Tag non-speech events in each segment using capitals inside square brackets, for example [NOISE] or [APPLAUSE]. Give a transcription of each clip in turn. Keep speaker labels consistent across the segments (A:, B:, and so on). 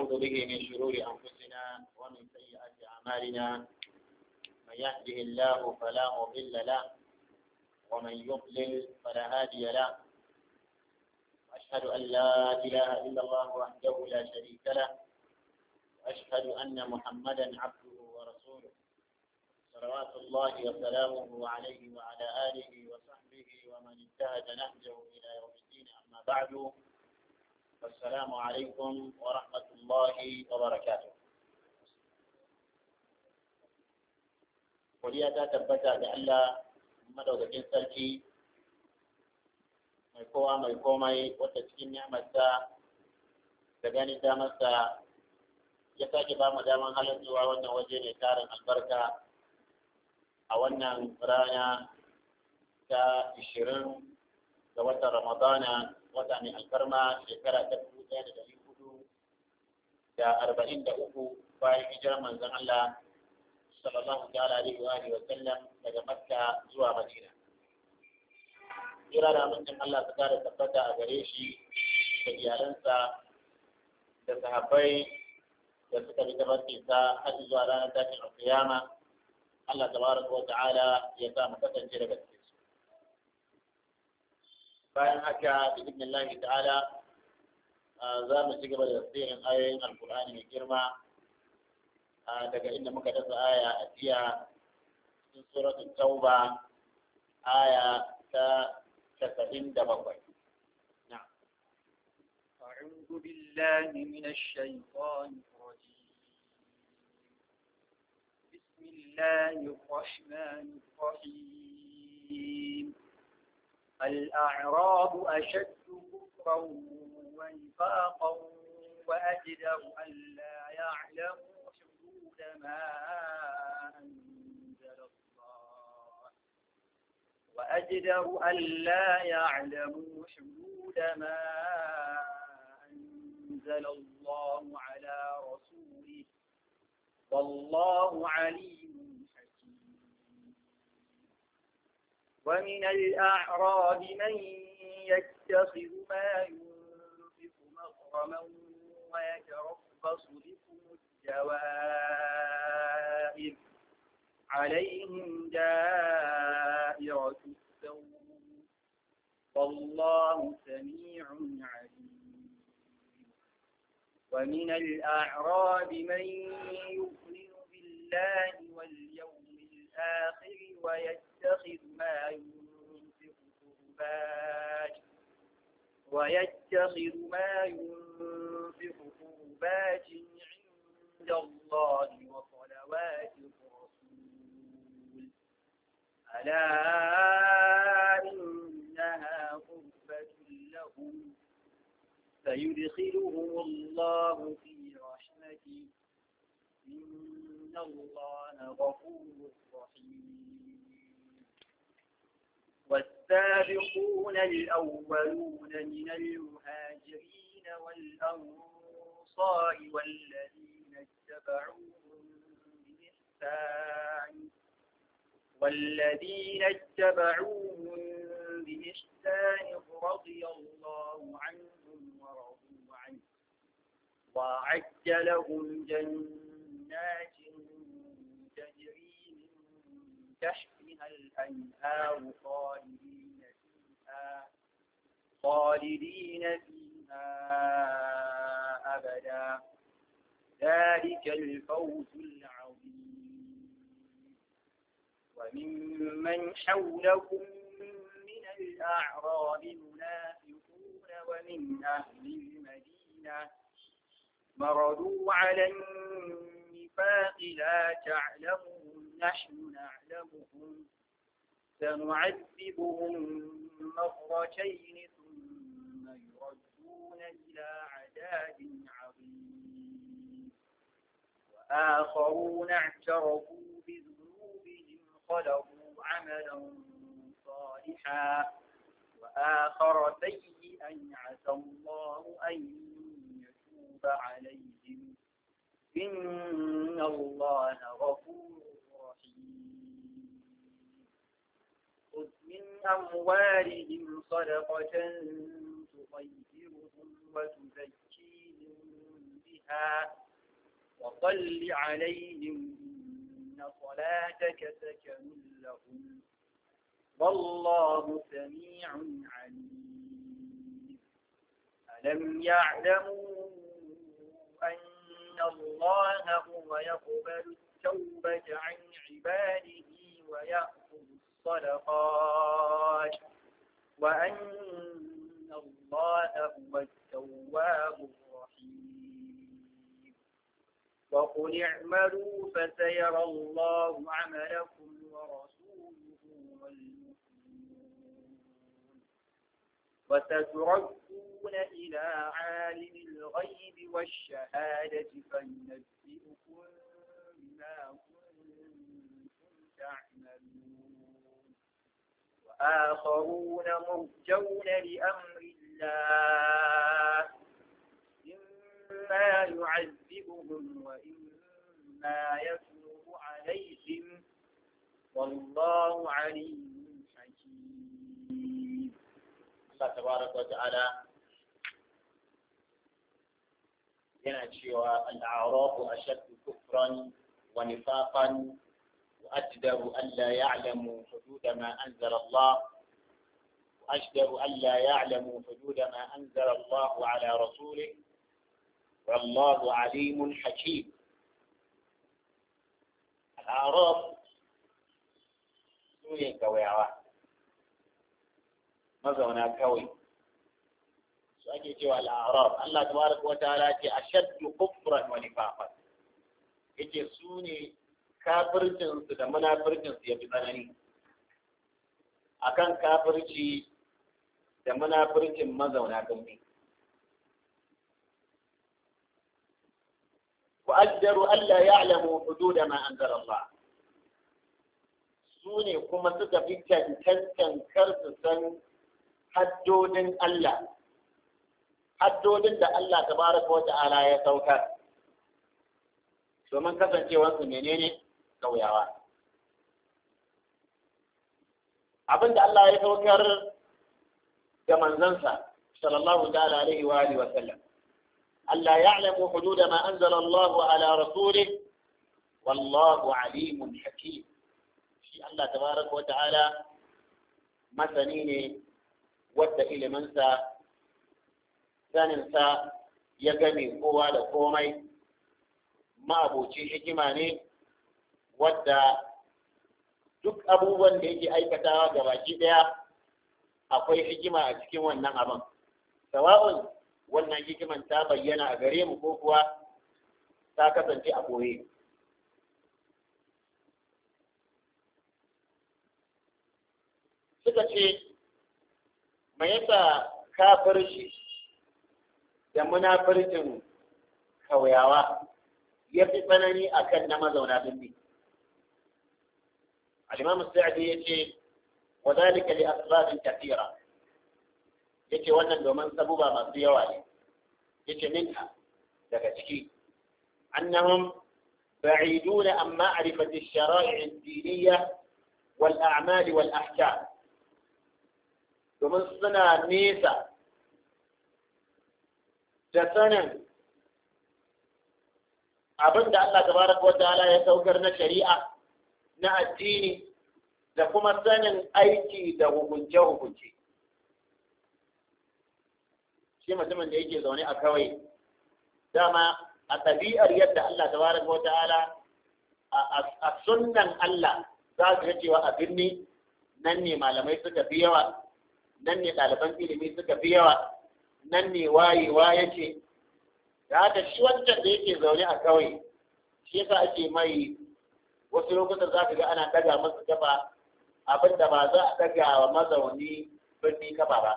A: نعوذ به من شرور أنفسنا ومن سيئات
B: أعمالنا
A: من يهده الله فلا مضل له ومن يضلل فلا هادي له وأشهد أن لا إله إلا الله وحده لا شريك له وأشهد أن محمدا عبده ورسوله صلوات الله وسلامه عليه وعلى آله وصحبه ومن انتهج نهجه إلى يوم الدين أما بعد السلام عليكم ورحمة الله وبركاته وليا تتبتع لألا مدو دكين سلكي ملكوة ملكوة مي وتسكين نعمة سا تغاني دامة سا يساكي باما داما هلن جوا وانا وجين يتارن البركة أولنا رانا كا إشرين دوات رمضانا wata ne alfarma shekara ta dubu ɗaya da ɗari hudu da arba'in da uku bayan hijirar manzon Allah sallallahu alaihi wa alihi wa sallam daga Makka zuwa Madina.
B: Kira da amincin
A: Allah su kare tabbata a gare shi da iyalansa da sahabbai da suka bi tabbata ta har zuwa ranar tashin alƙiyama Allah tabaraka wa ta'ala ya sa mu kasance daga bayan haka da ibn Allah ta'ala za mu ci gaba da tafsirin ayoyin alkur'ani mai girma daga inda muka dasa aya a jiya cikin suratul tauba aya ta 97
B: أعوذ بالله من الشيطان الرجيم بسم الله الرحمن الرحيم الأعراب أشد كفرا ونفاقا وأجدر أن لا يعلموا حدود ما أنزل الله وأجدر أن لا يعلموا حدود ما أنزل الله على رسوله والله عليم ومن الأعراب من يتخذ ما ينفق مغرما ويتربص بكم الدوائر عليهم دائرة السوء والله سميع عليم ومن الأعراب من يؤمن بالله واليوم الآخر ويتخذ ويتخذ ما ينفق قربات ويتخذ ما ينفق قربات عند الله وصلوات الرسول ألا إنها قربة لهم فيدخلهم الله في رحمته إن الله غفور رحيم
A: والسابقون
B: الأولون من المهاجرين والأنصار والذين اتبعوهم بإحسان والذين اتبعوهم بإحسان رضي الله عنهم ورضوا عنه وأعد لهم جنات تجري من تحت الأنهار خالدين فيها خالدين فيها أبدا ذلك الفوز العظيم وممن حولكم من الأعراب منافقون ومن أهل المدينة مرضوا على النفاق لا تعلمون نحن نعلمهم سنعذبهم مرتين ثم يردون إلى عذاب عظيم وآخرون اعترفوا بذنوبهم خلقوا عملا صالحا وآخر سيئا عسى الله أن يتوب عليهم إن الله غفور أموالهم صدقة تطيرهم وتزكيهم بها وصل عليهم إن صلاتك سكن لهم والله سميع عليم ألم يعلموا أن الله هو يقبل التوبة عن عباده ويأمر الصدقات وأن الله هو التواب الرحيم وقل اعملوا فسيرى الله عملكم ورسوله والمؤمنون وستردون إلى عالم الغيب والشهادة فينبئكم بما كنتم تعملون آخرون مرجون لأمر الله إما يعذبهم
A: وإما
B: يتوب عليهم والله عليم حكيم الله تبارك وتعالى
A: yana الأعراف أشد كفرا ونفاقا وأجدر ألا يعلموا حدود ما أنزل الله وأجدر ألا يعلموا حدود ما أنزل الله على رسوله والله عليم حكيم الأعراب سوية كويعة مزونا كوي سأجي جوا الأعراب الله تبارك وتعالى أشد كفرا ونفاقا يجي سوني kafircinsu da munafircinsu ya fi tsanani a kan kafirci da munafircin mazauna birni. Ku ajiyaru Allah ya alamu hudu da ma'anzar Allah, su ne kuma suka fi cancancan karsu san haddodin Allah, haddodin da Allah ta baraka wata ala ya saukar. domin kasancewarsu menene ne? ƙauyawa abin da Allah ya saukar ga manzansa sallallahu ta'ala alaihi wa alihi wa sallam Allah ya'lamu hudud da anzala Allah ala rasulih wallahu alimun hakim shi Allah tabaraka wa ta'ala masani ne wadda iliminsa saninsa ya game kowa da komai ma'abocin hikima ne wadda duk abubuwan da yake aikatawa ga baki daya akwai hikima a cikin wannan abin sawa'un wannan hikiman ta bayyana a gare mu ko kuwa ta kasance a ɓoye suka ce me yasa kafirci da munafircin kauyawa ya fi tsanani akan na mazauna birni الإمام السعدي يجي وذلك لأسباب كثيرة يجي وانا من سبوبا ما سيوالي يجي منها daga أنهم بعيدون عن معرفة الشرائع الدينية والأعمال والأحكام ومن صنع نيسا تسنن أبن الله تبارك وتعالى يتوكرنا شريعة na addini da kuma sanin aiki da hukunce-hukunce shi mutumin da yake zaune a kawai dama a ɗabi'ar yadda Allah tabaraka wata'ala a sunnan Allah za su yi cewa a birni nan ne malamai suka fi yawa nan ne ɗaliban ilimi suka fi yawa nan ne wayewa ce? da haka shi wancan da yake zaune a kawai shi yasa ake mai wasu lokutan za ka ga ana daga masa kafa abin da ba za a daga wa mazauni birni kafa ba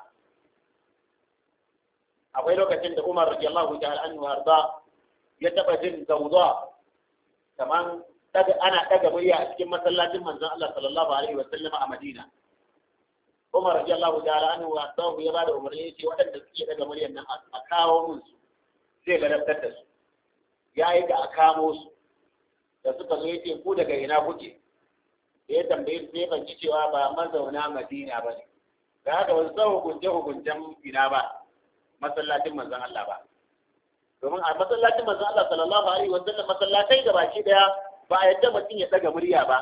A: akwai lokacin da Umar radiyallahu ta'ala anhu harba ya taba jin zawza kamar daga ana daga murya a cikin masallacin manzon Allah sallallahu alaihi wa sallama a Madina Umar radiyallahu ta'ala anhu arda ya bada umarni ce waɗanda suke daga muryar nan a kawo mun su zai ladabtar da su yayi ga a kamo su da suka zo yake ku daga ina kuke da ya tambaye su sai ban cewa ba mazauna Madina ba ne da haka wasu sau hukunce hukuncen ina ba masallacin manzon Allah ba domin a masallacin manzon Allah sallallahu alaihi wa sallam masallatai da baki daya ba a yadda mutum ya daga murya ba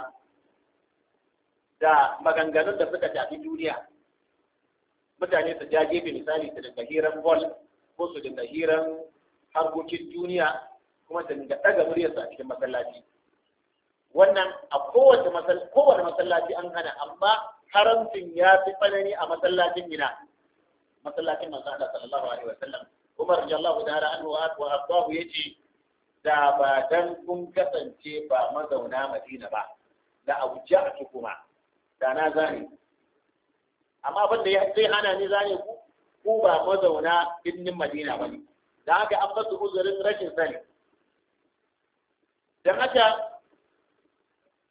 A: da maganganun da suka tafi duniya mutane su ja gefe misali su dinga hiran bol ko su dinga hiran harkokin duniya kuma su dinga daga muryarsa a cikin masallaci wannan a kowace kowane masallaci an hana amma haramcin ya fi tsanani a masallacin ina masallacin manzo Allah sallallahu alaihi wasallam Umar radiyallahu ta'ala anhu wa ya yace da ba dan kun kasance ba mazauna Madina ba da auja'tu kuma da na zane amma abin da zai hana ni zane ku ku ba mazauna birnin Madina ba ne da haka an basu uzurin rashin sani dan haka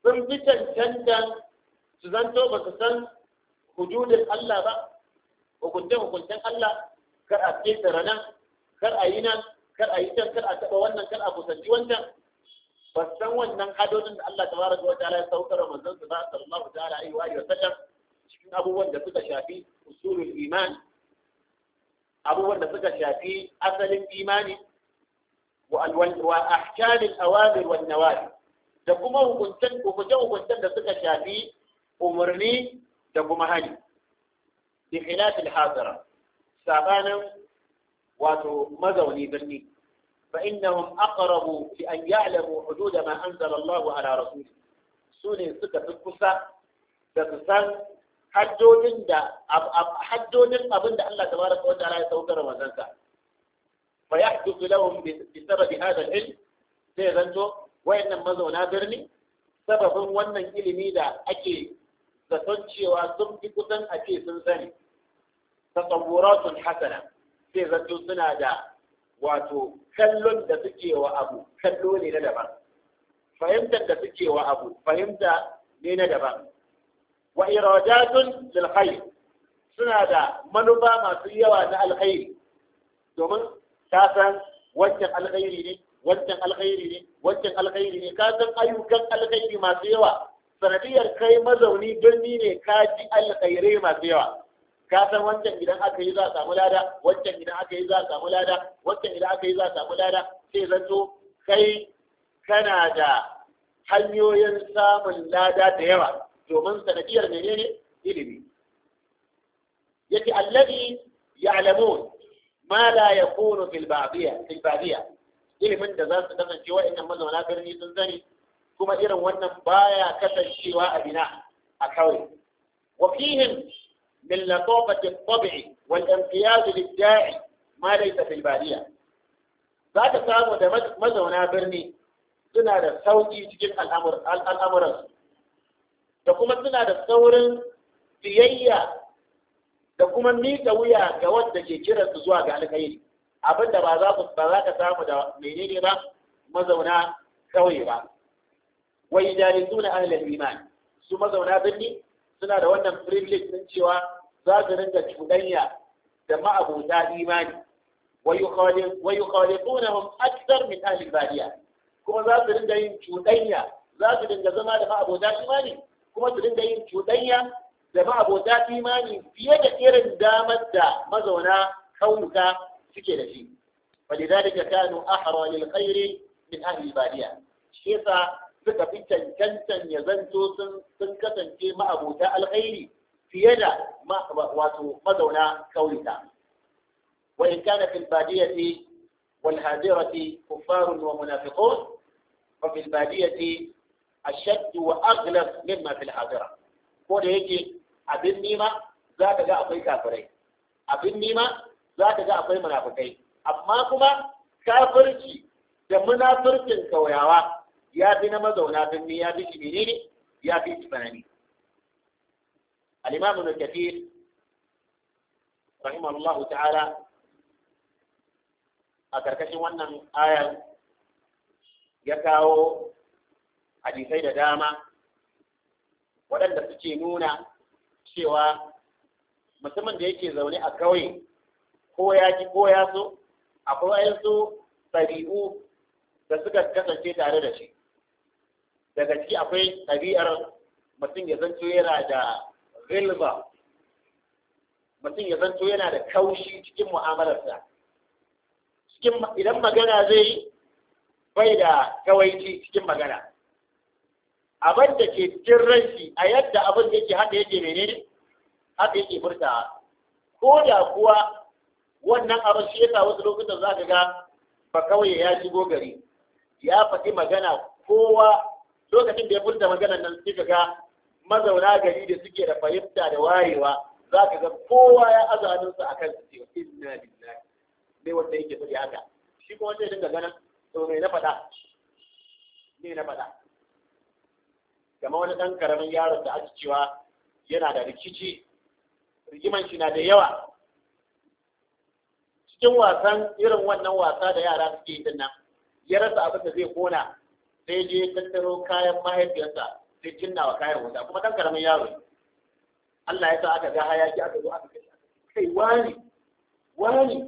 A: sun bi cancantan su zanto ba su san hududin Allah ba hukunce-hukuncen Allah kar a ƙetare nan kar a yi nan kar a yi can kar a taɓa wannan kar a kusanci wancan ba su san wannan hadodin da Allah tabaraka wa ta'ala ya saukar manzon su ba sallallahu ta'ala alaihi wa sallam cikin abubuwan da suka shafi usulul iman abubuwan da suka shafi asalin imani wa ahkamil awamir wan nawahi da kuma hukuncen da suka shafi umarni da kuma hali bi khilafil hadira sabanin wato mazauni birni fa innahum aqrabu li an ya'lamu hudud ma anzala Allah ala rasulih sune suka fi kusa da su san haddodin da haddodin abin da Allah tabaraka wa ta'ala ya saukar manzansa fa yahduthu lahum bi sababi hadha al-ilm sai zanto wayannan mazauna birni sababin wannan ilimi da ake zaton cewa sun fi kusan a ce sun sani tasawuratun hasana sai zato suna da wato kallon da suke wa abu kallo ne na daban fahimtar da suke wa abu fahimta ne na daban wa iradatun lil suna da manufa masu yawa na alkhairi domin ta san wancan alkhairi ne wancan alkhairi ne wancan alkhairi ne ka san ayyukan alkhairi masu yawa sanadiyar kai mazauni birni ne ka ji alkhairai masu yawa ka san wancan idan aka yi za a samu lada wancan idan aka yi za a samu lada wancan idan aka yi za a samu lada sai zanto kai kana da hanyoyin samun lada da yawa domin sanadiyar menene ilimi yake allazi ya'lamun ma la yakunu fil ba'diyya fil ba'diyya ilimin da za su kasance wa'annan mazauna birni sun sani kuma irin wannan baya kasancewa a bina a kawai wa fihim min latofati tabi'i wal imtiyaz lid ma laysa fil badiya za ka samu da mazauna birni suna da sauki cikin al'amuran da kuma suna da saurin biyayya da kuma miƙa wuya ga wanda ke kiransu zuwa ga alkhairi abinda ba za ku ba za ka samu da menene ba mazauna kauye ba wa yajalisuna ahlul iman su mazauna birni suna da wannan privilege din cewa za su rinka cuɗanya da ma'abuta imani wa yukhalifunahum akthar min ahli badiya kuma za su rinka yin cuɗanya za su dinga zama da ma'abota imani kuma su dinga yin cuɗanya da ma'abota imani fiye da irin damar da mazauna kauyuka سكيلتي ولذلك كانوا أحرى للخير من أهل البادية شيسا سكا في تنكنتا يزنتو سنكا تنكي ما أبوتا الخير في يدا ما واتو مدونا كولتا وإن كان في البادية والهادرة كفار ومنافقون وفي البادية أشد وأغلب مما في الهادره قول يجي أبن نيمة ذاك لا كافرين أبن نيمة za ka ga akwai munafukai amma kuma kafirci da munafircin kauyawa ya fi na mazauna birni ya fi shi ne ya fi shi tsanani al-imam ibn ta'ala a karkashin wannan ayar ya kawo hadisai da dama waɗanda suke nuna cewa mutumin da yake zaune a kauye ko ya ji ko ya so akwai wayansu ɗabi'u da suka kasance tare da shi daga ciki akwai ɗabi'ar mutum ya zanto yana da rilba mutum ya zanto yana da kaushi cikin mu'amalarsa idan magana zai bai da kawaici cikin magana abin da ke cikin ranci a yadda abin da yake haka yake menene haka yake furta ko da kuwa wannan abin shi yasa wasu lokutan za ka ga ba kawai ya shigo gari ya faɗi magana kowa lokacin da ya furta magana nan sai ka ga mazauna gari da suke da fahimta da wayewa za ka ga kowa ya aza a kan cewa inna lillahi ne wanda yake fadi haka shi kuma ya dinga ganin to me na faɗa me na faɗa kamar wani ɗan karamin yaron da ake cewa yana da rikici rigiman shi na da yawa cikin wasan irin wannan wasa da yara suke yi nan ya rasa abin da zai kona sai je tattaro kayan mahaifiyarsa sai cinna wa kayan wuta kuma dan karamin yaro Allah ya sa aka ga hayaki aka zo aka kai kai wani wani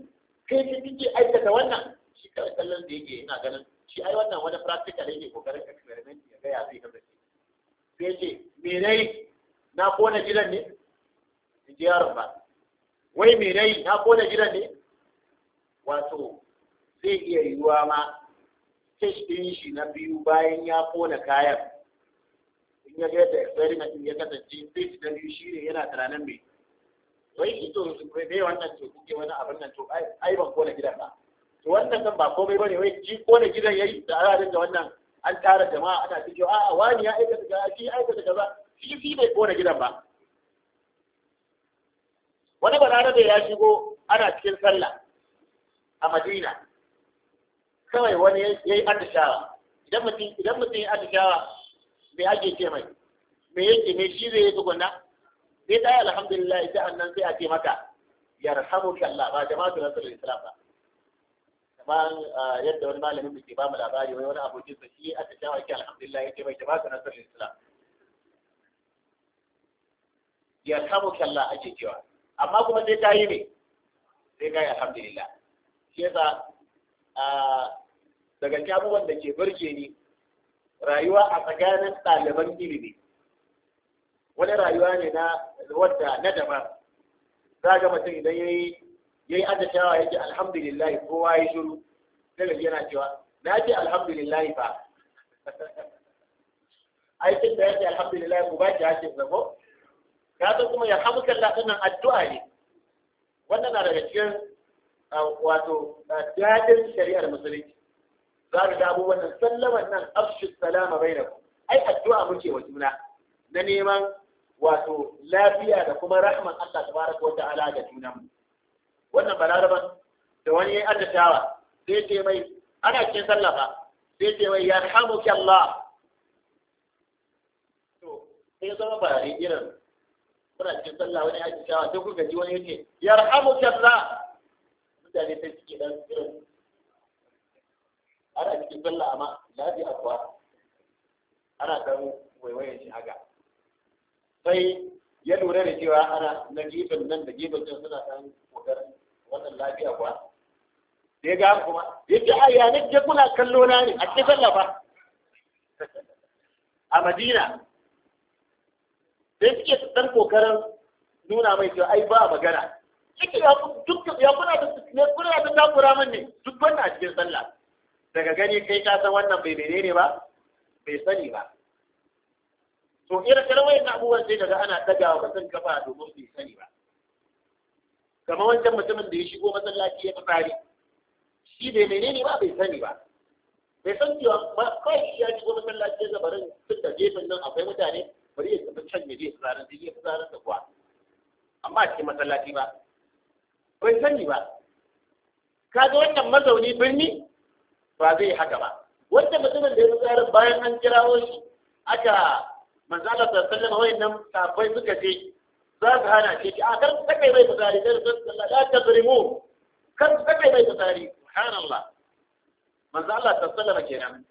A: kai ki kike aikata wannan shi ka kallon da yake ina ganin shi ai wannan wani practical yake kokarin experiment ya ga ya zai kasance sai ce me dai na kona gidan ne ji yaron ba wai me dai na kona gidan ne wato zai iya yiwuwa ma test ɗin shi na biyu bayan ya kona kayan in ya da experiment ya kasance test na biyu shi ne yana tunanin mai wai ito bai wannan ce kuke wani abin nan to ai ban kona gidan ba to wannan kan ba komai bane wai ji kona gidan yayi da ana da wannan an tara jama'a ana cikin a'a wani ya aikata kaza shi aikata kaza shi shi bai kona gidan ba wani bana da ya shigo ana cikin sallah a madina kawai wani ya yi atishawa idan mutum idan mutum ya atishawa me ake ce mai me yake me shi zai yi tukunna sai ta yi alhamdulillah ita annan sai a ce maka yarhamuka Allah ba jama'atu rasulul islam ba kamar ah, yadda wani malamin da ke ba mu labari wai wani abokin sa shi a tashawa yake alhamdulillah yake bai jama'atu rasulul islam yarhamuka Allah ake cewa amma kuma sai ta yi ne sai ga alhamdulillah shi a daga abubuwan da ke burge ni rayuwa a tsakanin ɗaliban ilimi wani rayuwa ne na wadda na daban za ga mutum idan ya yi addashawa ya ce ko kowa ya shiru daga ga yana cewa na ce alhamdulillahi ba [LAUGHS] aikin da ya ce alhamdulillahi ku ba ki hakin zago ka san kuma ya hamukan lafinan addu'a ne wannan na daga cikin wato dadin shari'ar musulunci za mu ga abubuwan nan sallaman nan afshu salama ku. ai addu'a muke wa juna na neman wato lafiya da kuma rahman Allah tabaraka wa ta'ala ga junan wannan balaraba da wani yayin addatawa sai ce mai ana cikin sallah fa sai ce mai yarhamuki Allah to sai zama ba irin kuna cikin sallah wani addatawa sai kuka ji wani yake yarhamuki Allah mutane sai suke dan irin ana cikin sallah amma lafiya kuwa ana dan waiwayen shi haka sai ya lura da cewa ana na gefen nan da gefen can suna dan kokarin wannan lafiya kuwa da ya ga kuma ya ce a yanar da kuna kallo na ne a cikin sallah fa a madina sai suke dan kokarin nuna mai cewa ai ba magana kike ya duk ya kuna da ne kuna da takura min ne duk wannan a cikin sallah daga gani kai ka san wannan bai menene ba bai sani ba to irin irin wayan abubuwan sai daga ana daga wa mutum kafa domin bai sani ba kamar wancan mutumin da ya shigo masallaci ya fitsari shi bai ne ba bai sani ba bai san cewa ba kai ya shigo masallaci ya zabarin tun da gefen nan akwai mutane bari ya tafi can ya je fitsarin sai ya fitsarin da kuwa amma a cikin masallaci ba bai sani ba kaga wannan mazauni birni ba zai haka ba wanda mutumin da ya ran bayan an kirawo shi aka manzala sallama alaihi nan sabai suka je za su hana ki a kar ta kai mai tsari da sallallahu la tazrimu kar ta kai mai tsari subhanallah manzo Allah sallama kenan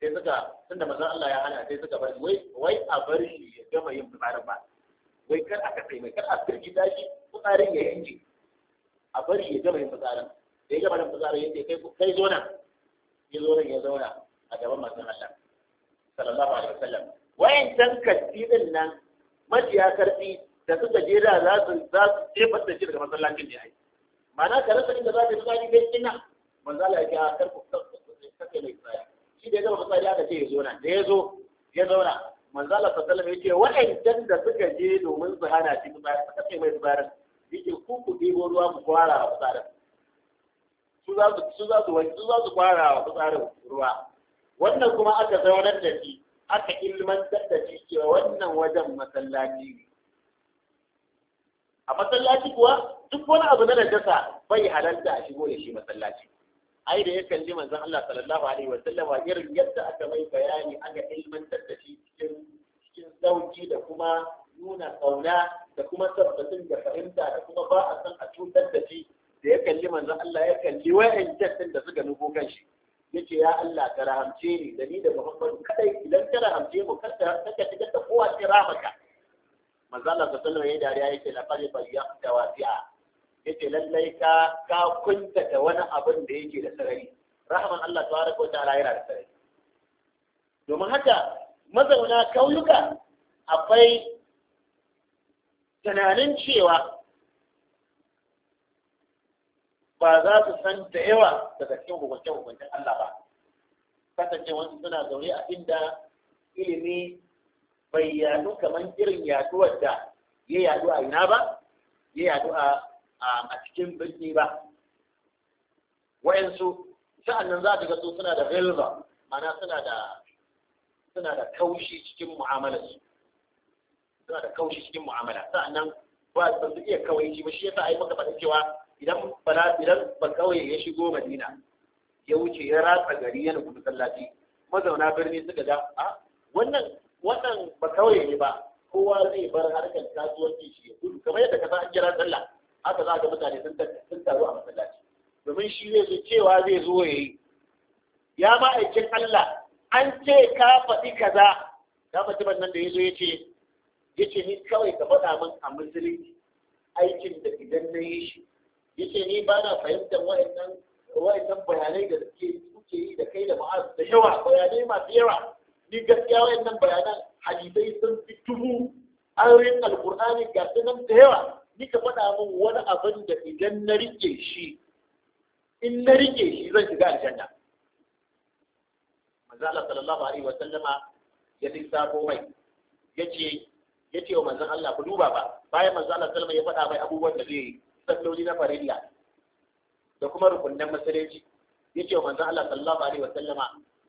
A: sai suka tunda manzo Allah ya hana sai suka bari wai wai a bar shi ya gama yin fitsarin ba wai kar aka kai mai kar a firgita shi fitsarin ya yanke a bari ya gama yin fitsarin da ya gama yin fitsarin ya ce kai zo nan ya zo nan ya zauna a gaban masu Allah sallallahu alaihi wasallam wayan can din nan majiya karfi da suka jera za su za su da shi daga masallacin ya yi. ma'ana ka rasa inda za ka fitsari kai kina manzo Allah ya ga ah, karku kake mai tsaya shi da ya gama fitsari aka ce ya zo nan da ya zo ya zauna manzo Allah sallallahu alaihi wasallam ya ce wayan can da suka je domin su hana shi fitsari suka ce mai fitsarin yake ku ku ɗebo ruwa ku kwara wa fitsarin su za su su za su wanke su za su kwara wa fitsarin ruwa wannan kuma aka zaunar da shi aka ilmantar da shi cewa wannan wajen masallaci ne a masallaci kuwa duk wani abu na najasa bai halarta a shigo da shi masallaci ai da ya kalli manzon Allah sallallahu alaihi wa sallam irin yadda aka mai bayani aka ilmantar da shi cikin cikin sauki da kuma nuna kauna da kuma tabbatin da fahimta da kuma ba a san a cutar da shi da ya kalli manzon Allah ya kalli wayan din da suka nufo kan shi yace ya Allah ka rahamce ni da ni da Muhammadu kadai idan ka rahamce mu ta ka shigar ta kowa ce ramaka manzon Allah sallallahu alaihi wasallam ya dariya fari la qad bayyana wasi'a yace lallai ka ka kunta da wani abin da yake da sarari rahman Allah tabaraka wa ta'ala yana da sarari domin haka mazauna kauyuka akwai tunanin cewa ba za su san da yawa daga cikin hukunce-hukuncen Allah ba kasance wasu suna zaune a inda ilimi bai yadu kamar irin yaduwar da ya yadu a ina ba ya yadu a cikin birni ba wa'yansu sa'annan za ga su suna da velva mana suna da suna da kaushi cikin mu'amalarsu suna da kaushi cikin mu'amala sa'annan ba su su iya kawai ba shi yasa ai maka faɗin cewa idan bana idan ba kawai ya shigo Madina ya wuce ya ratsa gari yana kuma sallaci mazauna birni suka ga a ah, wannan wannan ba kawai ne ba kowa zai bar harkar kasuwanci shi ya gudu kamar yadda ka san an sallah haka za ga mutane sun taru a masallaci domin shi zai zo cewa zai zo ya yi ya ma'aikin Allah an ce ka faɗi kaza ka faɗi nan da ya zo ya ce ce ni kawai ka faɗa min a musulunci aikin da idan na yi shi ce ni ba na fahimtar wa'annan wa'annan bayanai da suke suke yi da kai da ma'az da yawa bayanai masu yawa ni gaskiya wa'annan bayanan hadisai sun fi tuhu rin alkur'ani ga su nan da yawa ni ka faɗa min wani abin da idan na rike shi in na rike shi zan shiga aljanna manzo Allah sallallahu alaihi wa sallama ya lissafo mai yace ya ce wa manzan Allah ku duba ba bayan manzan Allah sallallahu ya faɗa mai abubuwan da zai yi salloli na farilla da kuma rukunnan masallaci ya ce wa manzan Allah sallallahu alaihi wa sallama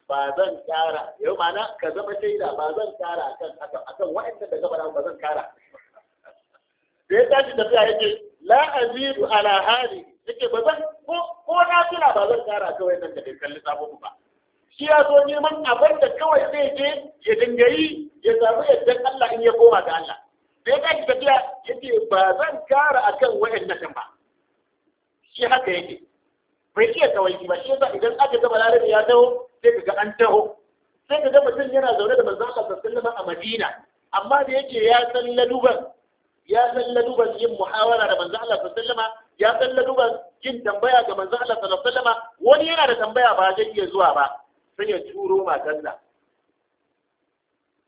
A: ba zan kara yau mana ka zama shaida ba zan kara a kan akan waɗanda da gaba ba zan kara da ya tashi tafiya ya ce la azidu ala hali ce ba zan ko na tuna ba zan kara kawai nan da bai kalli sabon ba shi ya zo neman abin da kawai zai je ya dinga yi ya samu yadda Allah in ya koma ga Allah da ya kai tafiya ya ce ba zan kara akan wayannan ba shi haka yake bai iya kawai ba shi yasa idan aka zama balarabe ya taho sai ka ga an taho sai ka ga mutum yana zaune da manzon Allah sallallahu a Madina amma da yake ya san laluban ya san laduban yin muhawara da manzon Allah sallallahu ya san laduban yin tambaya ga manzon Allah sallallahu wani yana da tambaya ba zai iya zuwa ba sai ya turo matarsa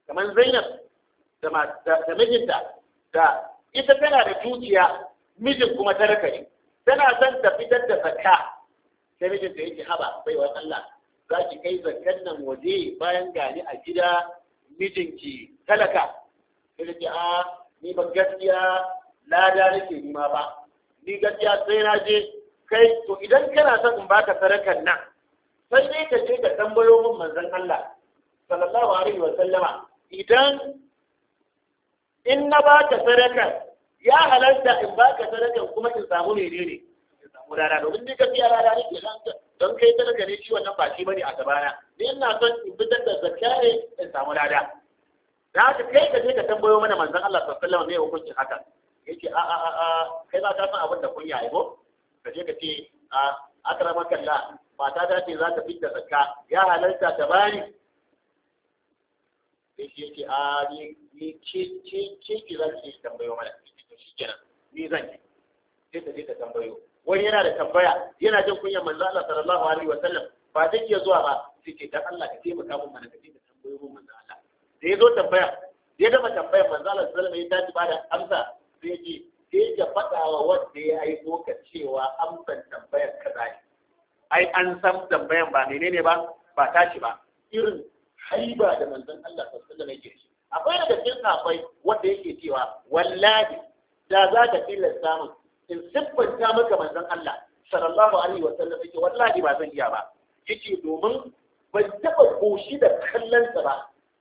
A: kamar zainab da mijinta da ita tana da dukiya mijin kuma tarka ne tana son ta fitar da zakka sai mijinta yake haba baiwa Allah za ki kai zakkan nan waje bayan gani a gida mijinki talaka sai ce a ni ba gaskiya lada nake nima ba ni gaskiya sai na je kai to idan kana son in baka sarakan nan sai dai ka je ka tambayo min manzon Allah sallallahu alaihi wa sallama idan in na ka sadaka ya halarta in ba ka sadaka kuma in samu ne in samu rana domin ni ka biya rana ne ke don kai ta daga ne shi wannan ba shi bane a gabana ni ina son in fitar da zakka ne in samu rana da haka kai ka je ka tambayo mana manzon Allah sallallahu alaihi wa sallama me hukuncin haka yake a a a kai za ka san abin da kunya ai ko ka je ka ce a akramaka kalla. mata ta ce za ta fita zakka ya halarta ta bani sai shi yake a ni ce ce ce ki za ki tambayo mana to shi kenan ni zan ki sai ta je ta tambayo wani yana da tambaya yana jin kunyar manzo Allah sallallahu alaihi wa sallam ba zai iya zuwa ba sai ce dan Allah ka taimaka mun mana ka taimaka
B: tambayo mun manzo Allah
A: da ya zo tambaya ya gama tambayar manzo Allah sallallahu alaihi wa sallam ya ba da amsa sai ya ce sai ya faɗa wa wanda ya aiko ka cewa amsan tambayar kaza ne ai an san tambayan ba menene ba ba tashi ba irin haiba da manzon Allah sallallahu alaihi wasallam yake shi akwai da cikin akwai wanda yake cewa wallahi da za ka tilla min in siffanta maka manzon Allah sallallahu alaihi wasallam yake wallahi ba zan iya ba yake domin ban taɓa koshi da kallonsa ba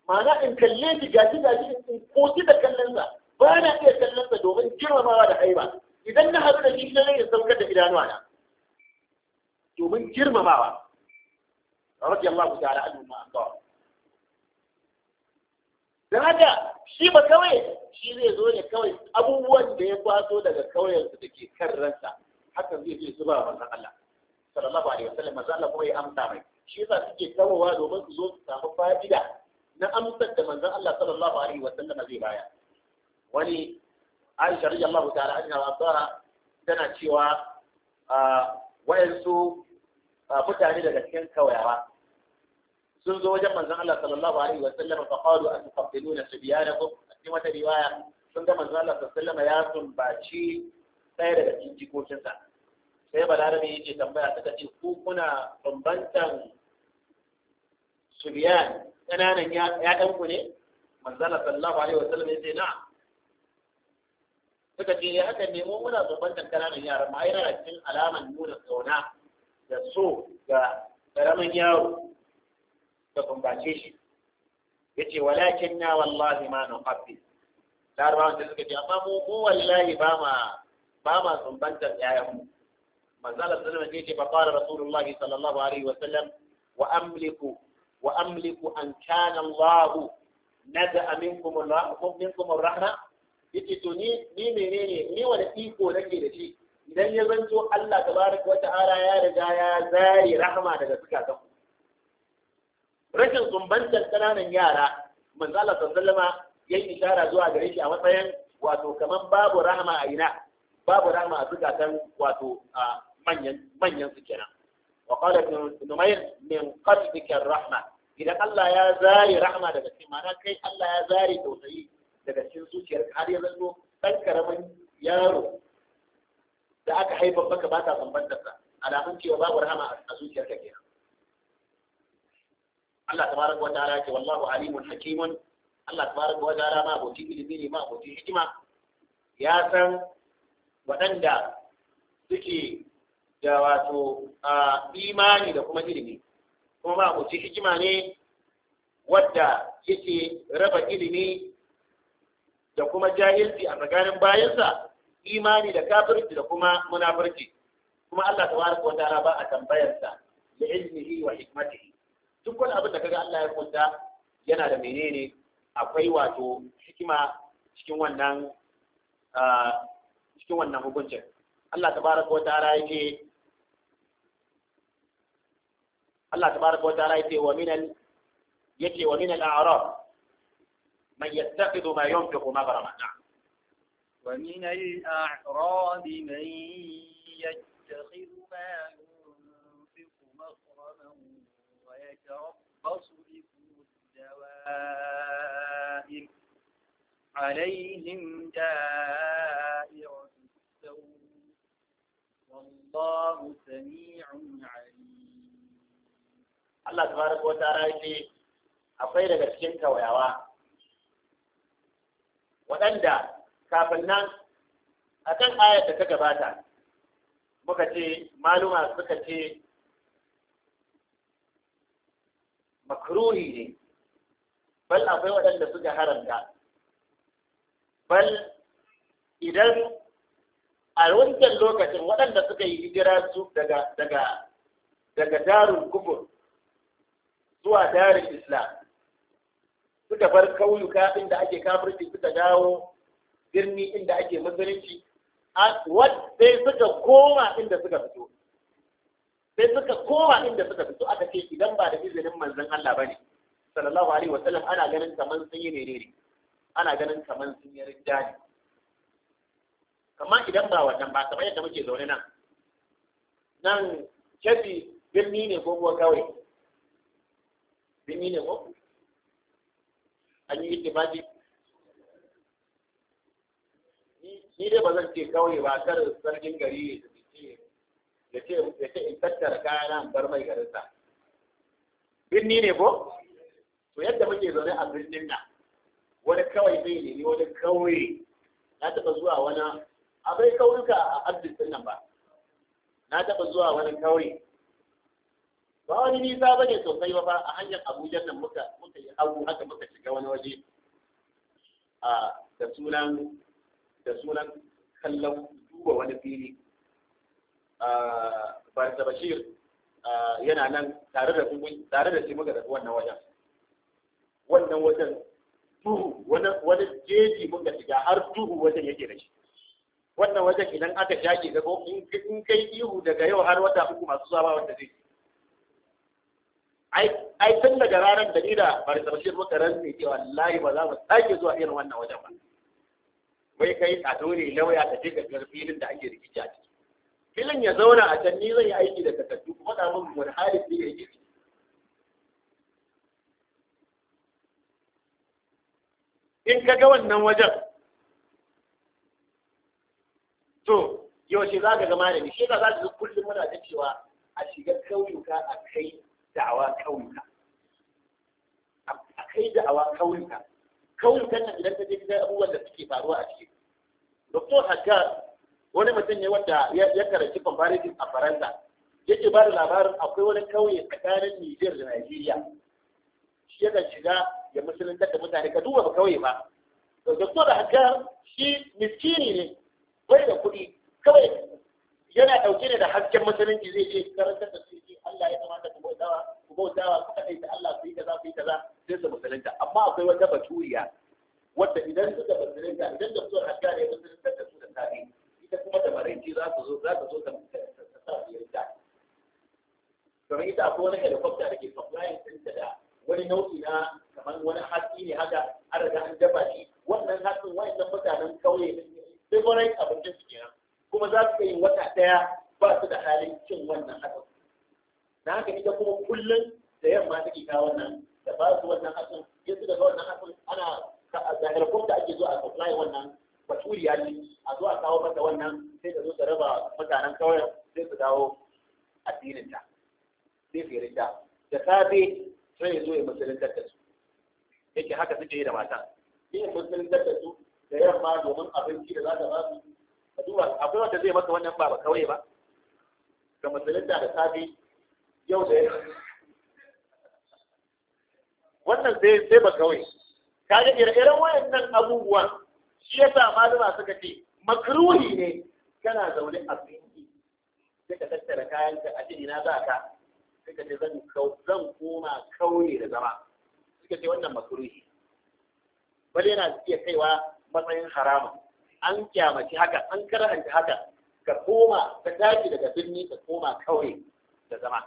A: ma'ana in kalle shi gashi gashi in koshi da kallonsa ba na iya kallonsa domin girmamawa da haiba idan na haɗu da shi na ya saukar da idanuwa na domin girmamawa radiyallahu ta'ala anhu ma an Da haka shi ba kawai shi zai zo ne kawai abubuwan da ya kwaso daga kauyensu da ke kan ransa hakan zai zai zuba wa manzon Allah sallallahu alaihi wasallam maza Allah kuma ya amsa mai shi yasa suke kawowa domin su zo su samu fa'ida na amsar da manzon Allah sallallahu alaihi wasallam zai baya wani Aisha radiyallahu ta'ala anha wa tana cewa ah, wayansu mutane daga cikin kawayawa sun zo wajen manzon Allah sallallahu alaihi wa sallam fa qalu an tuqaddiluna sibyanakum cikin wata riwaya sun ga manzon Allah sallallahu alaihi wa sallam ya sumbaci ɗaya daga cikin jikokinsa sai balarabe yake tambaya suka ce ku kuna bambantan subyan ƙananan ya'yan ku ne manzon Allah sallallahu alaihi wa sallam ya ce na? suka ce ya eh, haka ne mu muna bambantan ƙananan yaran ma yana da cikin alaman nuna kauna da so ga ƙaramin yaro da kumbace shi ya ce walakin na wallahi ma na ƙafi larabawan da suka ce amma mu wallahi ba ma ba ma sumbantar ƴaƴanmu manzalar sallallahu ce fa qala rasulullahi sallallahu alaihi Wasallam. wa amliku wa amliku an kana Allah nada minkum Allah rahma yace to ni ni menene ni wani iko nake da shi idan ya zanto Allah tabaraka wa ta'ala ya riga ya zare rahama daga zukatan rashin zumbantar tsananin yara manzo Allah ya yi ishara zuwa gare shi a matsayin wato kaman babu rahama a ina babu rahama a zukatan wato a manyan manyan su kenan wa qala numayr min qadbika rahma idan Allah ya zare rahama daga cikin mana kai Allah ya zare tausayi daga cikin zuciyarka har ya zanto dan karamin yaro da aka haifa baka ba ta bambantar sa alamun cewa babu rahama a zuciyarka kenan Allah tabaraka wa ta'ala ce wallahu alimun hakimun Allah tabaraka wa ta'ala ma boti ilimi ne ma boti hikima ya san waɗanda suke da wato imani da kuma ilimi kuma ma boti hikima ne wadda yake raba ilimi da kuma jahilci a tsakanin bayansa imani da kafirci da kuma munafirci kuma Allah tabaraka wa ta'ala ba a tambayar sa da ilmihi wa hikmatihi duk wani abin da kaga Allah ya kunta yana da menene akwai wato hikima cikin wannan cikin wannan hukuncin Allah tabaraka wa ta'ala yake Allah tabaraka wa ta'ala yake wa minal yake wa minal a'rab man yattaqidu ma yunfiqu maghraman na'am
B: ومن الأعراب من يتخذ ما ينفق مخرما ويتربص بكم الدوائر عليهم دائرة السوء والله سميع عليم الله تبارك
A: وتعالى akwai daga بسكنك ويواه وأنت kafin nan a kan ayar da ta gabata muka ce maluma suka ce makruhi ne bal akwai waɗanda suka haramta bal idan a wancan lokacin waɗanda suka yi hijira su daga daga daga zuwa darin islam suka bar kauyuka inda ake kafirci suka dawo birni inda ake musulunci sai suka koma inda suka fito sai suka koma inda suka fito aka ce idan ba da izinin manzon Allah ba ne sallallahu alaihi wa sallam ana ganin kaman sun yi menene ana ganin kaman sun yi rinda ne kamar idan ba wannan ba kamar yadda muke zaune nan nan kefi birni ne ko kuwa kawai birni ne ko an yi ittifaqi ni dai ba zan ce kawai ba kar sarkin gari ya ce ya ce in tattara kayana in bar mai garinsa birni ne ko to yadda muke zaune a birnin nan wani kawai zai nemi wani kauye na taɓa zuwa wani abai kauyuka a arzikin nan ba na taɓa zuwa wani kauye ba wani nisa ba ne sosai ba a hanyar abuja nan muka muka yi abu haka muka shiga wani waje a da sunan da sunan kallon duba wani fili barza bashir yana nan tare da su tare da shi muka da wannan wajen wannan wajen duhu wani jeji muka shiga har duhu wajen yake da shi wannan wajen idan aka shaƙe ga in kai ihu daga yau har wata uku masu zuwa wanda zai ai tun daga ranar da ni da barza bashir muka rantsi cewa wallahi ba za mu sake zuwa irin wannan wajen ba wai kai a daure lauya ka je ga filin da ake rikici a ciki filin ya zauna a can ni zai yi aiki da takardu kuma da mun wani hali ne yake in ka ga wannan wajen to yaushe za ka ga malami shi ka za ka kullum muna ta cewa a shiga ƙauyuka a kai da'awa ƙauyuka ƙauyuka kautar nan idan ta je gidan abubuwan da suke faruwa a ciki doktor hajjar wani mutum ne wanda ya karanci comparative a faransa yake ba da labarin akwai wani kauye tsakanin niger da nigeria shi yakan shiga ya musulunta da mutane ka duba ba kauye ba doktor hajjar shi miskini ne bai da kuɗi kawai yana ɗauke ne da hasken musulunci zai ce karantar da su Allah ya kamata ku bautawa ku bautawa ku kaɗai da Allah ku yi kaza ku yi kaza sai su musulunta amma akwai wata baturiya wadda idan suka musulunta idan da suka hasken ne musulunta da su da safe ita kuma da maraice za su zo za ta zo ta sa biyarta domin ita akwai wani helicopter da ke supplying ɗinta da wani nau'i na kamar wani hatsi ne haka an riga an dafa shi wannan hatsin wa'annan mutanen kauye ne sai wani abincin su kenan kuma za su yi wata ɗaya ba su da halin cin wannan hatsin na haka ita kuma kullum da yamma take kawo wannan da ba su wannan hatsin yanzu daga wannan hatsin ana da da ake zuwa a supply wannan baturiya ne a zuwa kawo mata wannan sai ta zo ta raba mutanen kauyen sai su dawo addininta sai su yarda da safe sai ya zo ya musulunta da su yake haka suke yi da matan yin musulunta da su da yamma domin abinci da za ta ba su ka duba akwai wanda zai masa wannan ba kawai ba ga musulunta da safi yau da yau wannan sai sai ba kawai kaga ire-iren wayannan abubuwan shi yasa malama suka ce makruhi ne kana zaune a tsinki sai ka tattara kayan ka a ce ina za ka sai ka ce zan zan koma kauye da zama suka ce wannan makruhi bal yana iya kaiwa matsayin haramun an kyamaci haka an karanta haka ka koma ka tashi daga birni ka koma kawai da zama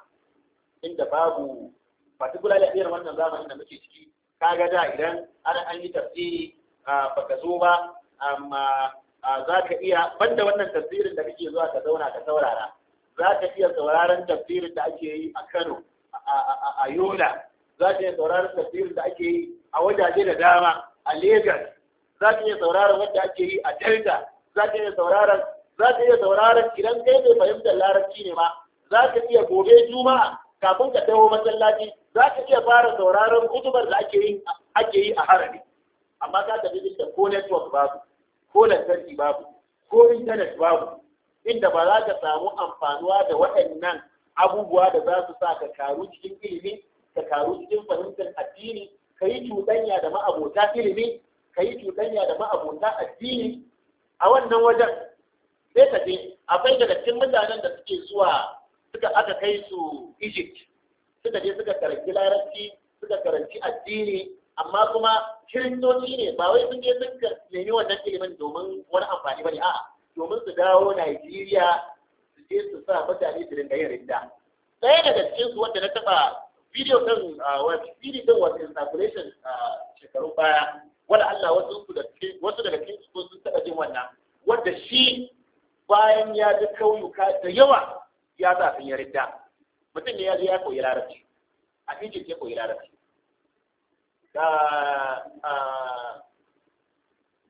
A: inda babu particularly a irin wannan zamanin da muke ciki kaga da idan ana an yi tafsiri baka zo ba amma za ka iya banda wannan tafsirin da kake zuwa ka zauna ka saurara za ka iya sauraron tafsirin da ake yi a Kano a Yola za ka iya sauraron tafsirin da ake yi a wajaje da dama a Legas. za ka iya sauraron wanda ake yi a delta za ka iya sauraron za sauraron idan kai mai fahimtar larabci ne ba. za ka iya gobe juma'a kafin ka dawo masallaci za ka iya fara sauraron kutubar da ake yi ake yi a harabi. amma ka tafi duk da ko network babu ko lantarki babu ko internet babu inda ba za ka samu amfanuwa da waɗannan abubuwa da za su sa ka karu cikin ilimi ka karu cikin fahimtar addini ka yi cuɗanya da ma'abota ilimi ka yi cuɗanya da ma'abota addini a wannan wajen sai ka je akwai daga cikin mutanen da suke zuwa suka aka kai su Egypt suka je suka karanci larabci suka karanci addini amma kuma kiristoci ne ba wai sun je sun nemi wannan ilimin domin wani amfani ba ne a'a domin su dawo Najeriya su je su sa mutane su dinga yin rinda ɗaya daga cikin su wanda na taɓa bidiyo kan wasu video kan ah, wasu ah, shekarun baya wala Allah wasu su da wasu daga cikin su sun taɓa jin wannan wanda shi bayan ya ji kauyuka da yawa ya zafin ya ridda mutum ne ya je ya koyi larabci a Egypt ya koyi larabci da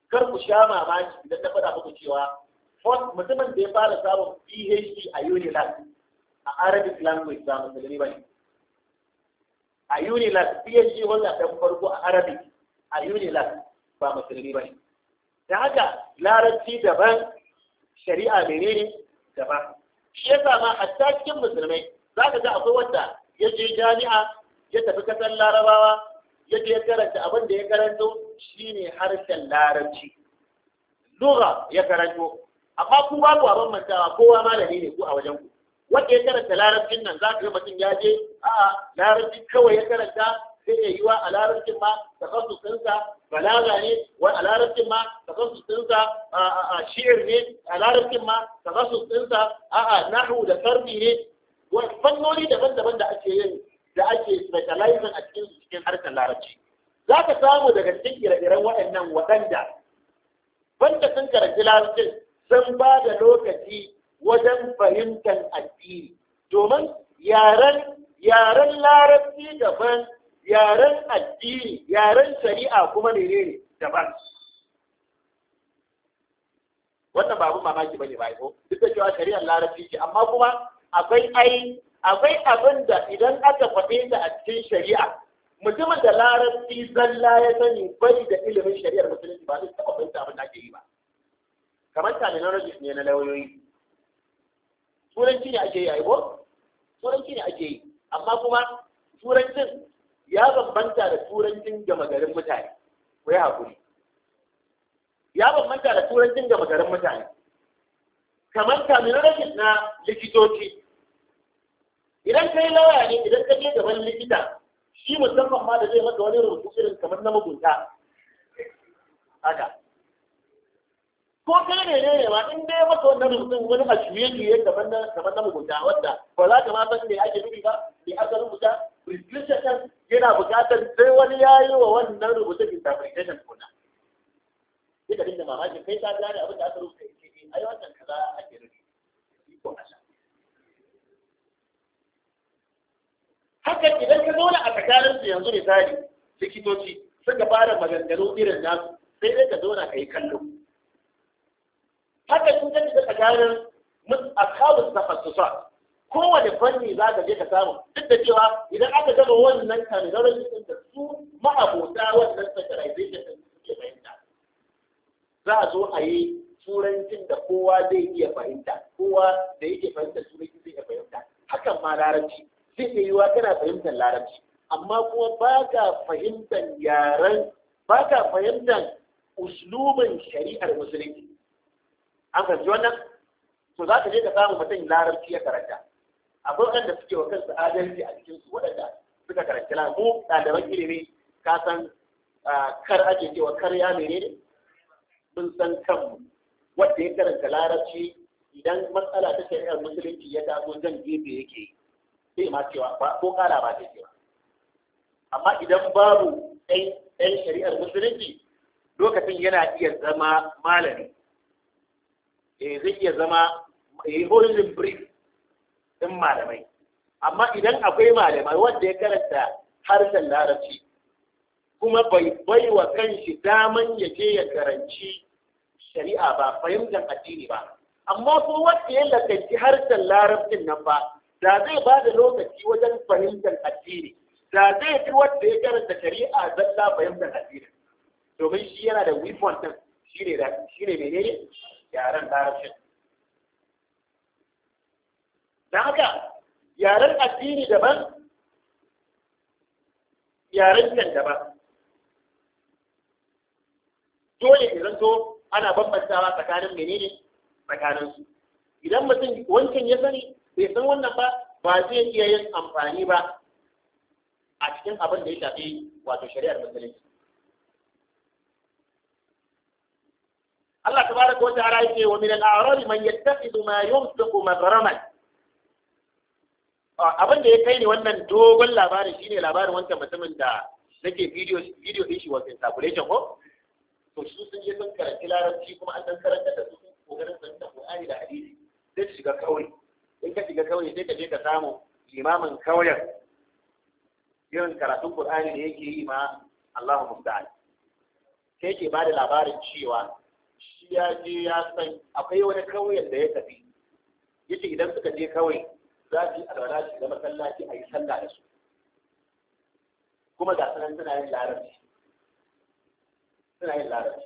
A: kar ku sha mamaki idan na faɗa muku cewa first mutumin da ya fara samun PhD a Unilag a Arabic language ba musulmi ba ne a Unilag PhD wannan ɗan farko a Arabic a unilag ba musulmi ba ne da haka larabci daban shari'a menene daban shi yasa ma a cikin musulmai za ka ga akwai wanda ya je jami'a ya tafi kasar larabawa ya je ya karanta abin da ya karanto shine harshen larabci Lugha ya karanto amma ku ku abin mantawa kowa malami ne ku a wajen ku wanda ya karanta larabcin nan za ka ga mutum ya je a larabci kawai ya karanta ya yi wa a larabcin ma takasusinsa balaga ne wani a larabcin ma takasusinsa a shi'ir ne a larabcin ma takasusinsa a nahu da sarfi ne fannoni daban-daban da ake yin da ake specializing a cikin cikin harkar larabci za ka samu daga cikin ire-iren waɗannan waɗanda banda sun karanci larabcin sun ba da lokaci wajen fahimtar addini domin yaren yaren larabci daban yaren addini yaren shari'a kuma menene daban wannan babu mamaki bane ba ko duk da cewa shari'ar larabci ce amma kuma akwai ai akwai abin da idan aka faɗe ta a cikin shari'a mutumin da larabci zalla ya sani bai da ilimin shari'ar musulunci ba zai taɓa fahimta abin da ake yi ba kamar terminologist ne na lauyoyi turanci ne ake yi ko turanci ne ake yi amma kuma turancin ya bambanta da turancin gama garin mutane ku yi haƙuri ya bambanta da turancin gama garin mutane kamar terminology na likitoci idan ka yi lawaya ne idan ka je gaban likita shi musamman ma da zai maka wani rubutu irin kamar na mugunta haka ko kai ne ne ma in dai maka wannan rubutun wani a juye shuye gaban na gaban na mugunta wanda ba za ka ma san me ake nufi ba me aka rubuta prescription yana buƙatar sai wani ya yi wa wannan rubutun interpretation kuma sai din da mamakin kai ka gane abin da aka rubuta ya ce eh, ai wannan kaza ake nufi ko Allah haka idan ka zauna a tsakanin su yanzu misali likitoci suka fara maganganu irin nasu sai dai ka zauna ka yi kallo haka in ka da tsakanin ashabus tafassusa kowane fanni za ka je ka samu duk da cewa idan aka gama wannan terminology din da su ma'abota wannan specialization din suke fahimta za a zo a yi turancin da kowa zai iya fahimta kowa da yake fahimtar turanci zai iya fahimta hakan ma larabci zai iya yiwa kana fahimtar larabci amma kuma ba ka fahimtar yaren ba ka fahimtar uslubin shari'ar musulunci an fahimci wannan to za ka je ka samu mutum larabci ya karanta akwai waɗanda suke wa kansu adalci a cikin su waɗanda suka karanta la mu ɗaliban ilimi ka san kar ake cewa karya ne mun san kanmu wanda ya karanta larabci idan matsala ta shari'ar musulunci ya taso jan gefe yake sai ma cewa ba ko kara ba ta cewa amma idan babu ɗan shari'ar musulunci lokacin yana iya zama malami eh zai iya zama eh holding brief din malamai amma idan akwai malamai wanda ya karanta harshen larabci kuma bai bai wa kanshi daman ya je ya karanci shari'a ba fahimtar addini ba amma ko wanda ya lakanci harshen larabcin nan ba da zai ba da lokaci wajen fahimtar addini da zai fi wanda ya karanta shari'a zalla fahimtar addini domin shi yana da weapon din shine da shine menene yaren larabcin don haka yaren addini daban yaren can daban dole zan zanto ana bambantawa tsakanin menene tsakanin su idan mutum wancan ya sani bai san wannan ba ba zai iya yin amfani ba a cikin abin da ya shafi wato shari'ar musulunci Allah tabaraka wa ta'ala yake wa min al-a'rab man yattakhidhu ma yunfiqu mazraman abin da ya kai ni wannan dogon labarin shine labarin wancan mutumin da nake video video din shi wato circulation ko to su sun je sun karanci larabci kuma an dan karanta da su kokarin san da Qur'ani da hadisi sai su shiga kauye in ka shiga kauye sai ka je ka samu limamin kauyen yin karatun Qur'ani da yake yi ma Allahu musta'an sai ke bada labarin cewa ya je ya san akwai wani kauyen da ya tafi yace idan suka je kawai za su yi alwala shi da masallaci a yi sallah da su kuma ga sanan suna yin larabci suna yin larabci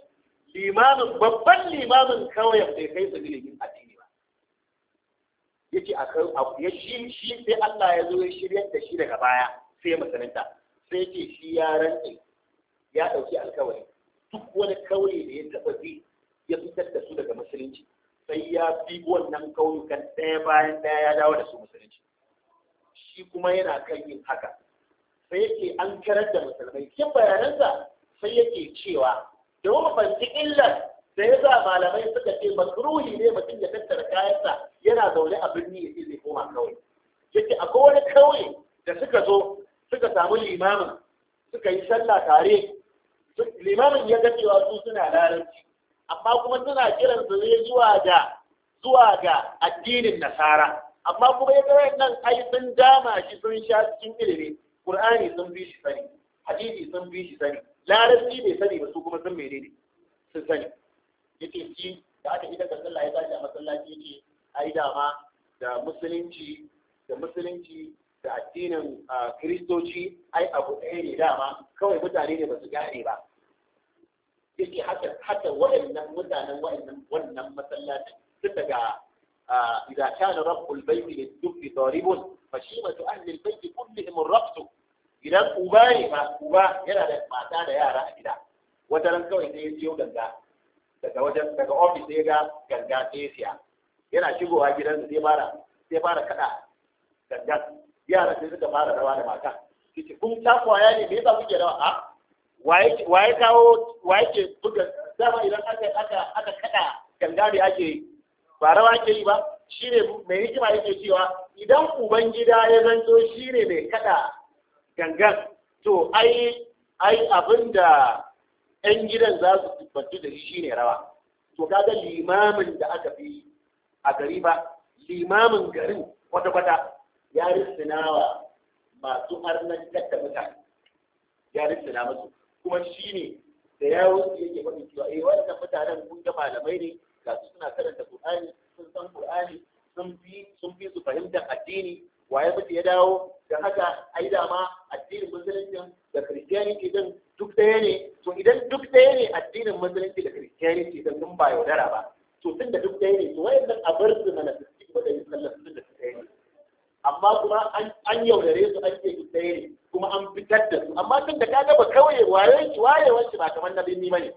A: limamin babban limamin kauyen bai kai su ilimin addini ba yace akai ya shi shi sai Allah ya zo ya shirya da shi daga baya sai masananta sai yace shi ya rantsi ya dauki alkawari duk wani kauye da ya taba bi ya fitar da su daga musulunci sai ya fi wannan kauyukan ɗaya bayan ɗaya ya dawo da su musulunci shi kuma yana kan yin haka sai yake an karar da musulmai cikin bayanansa sai yake cewa domin fahimci illar da ya sa malamai suka ce makruhi ne mutum ya tattara kayansa yana zaune a birni ya zai koma kawai yake akwai wani kauye da suka zo suka samu limamin suka yi sallah tare limamin ya ga su suna larabci amma kuma suna kiran su ne zuwa ga zuwa ga addinin nasara amma kuma ya ga nan ai sun dama shi sun sha cikin ilimi qur'ani sun bi shi sani hadisi sun bi shi sani larabci bai sani ba su kuma sun menene sun sani yace shi da aka yi daga sallah ya tashi a masallaci yace ai dama da musulunci da musulunci da addinin ah, kristoci ai abu ɗaya ne dama kawai mutane ne ba su gane ba yake haka haka waɗannan mutanen waɗannan wannan masallacin suka ga إذا كان رب البيت للدب ضارب فشيمة أهل البيت كلهم الربط إذا أباي ما أبا يلا ما تانا يا رأينا وترن كوي تيسيو دنجا daga wajen daga ofis sai ga ganga tesiya yana shigowa gidan sai fara sai fara kada gangan yara sai suka fara rawa da mata kici kun ta kwaya ne me yasa kuke rawa a waye kawo waye ke buga dama idan aka aka aka kada ganga ake yi ba rawa ake yi ba shine mai hikima yake cewa idan ubangida ya zanto shine mai kada gangan to ai ai abinda yan gidan za su tabbatu da shi ne rawa to kaga limamin da aka fi a gari ba limamin garin kwata-kwata ya wa masu arnan da mutane ya risina musu kuma shi ne da ya wuce yake faɗi cewa eh wannan mutanen kun ga malamai ne ga su suna karanta Qur'ani sun san Qur'ani sun fi sun su fahimtar addini waye mutu ya dawo da haka ai da ma addinin musulunci da Christianity din duk ɗaya ne to idan duk ɗaya ne addinin musulunci da Christianity din mun ba yaudara ba to tun da duk ɗaya ne to waye a bar su mana su ci gaba da yin sallah sun da su ɗaya ne amma kuma an yaudare su an ce duk ɗaya ne kuma an fitar da su amma tun da ka gaba kawai wayewanci wayewanci ba kamar na birni bane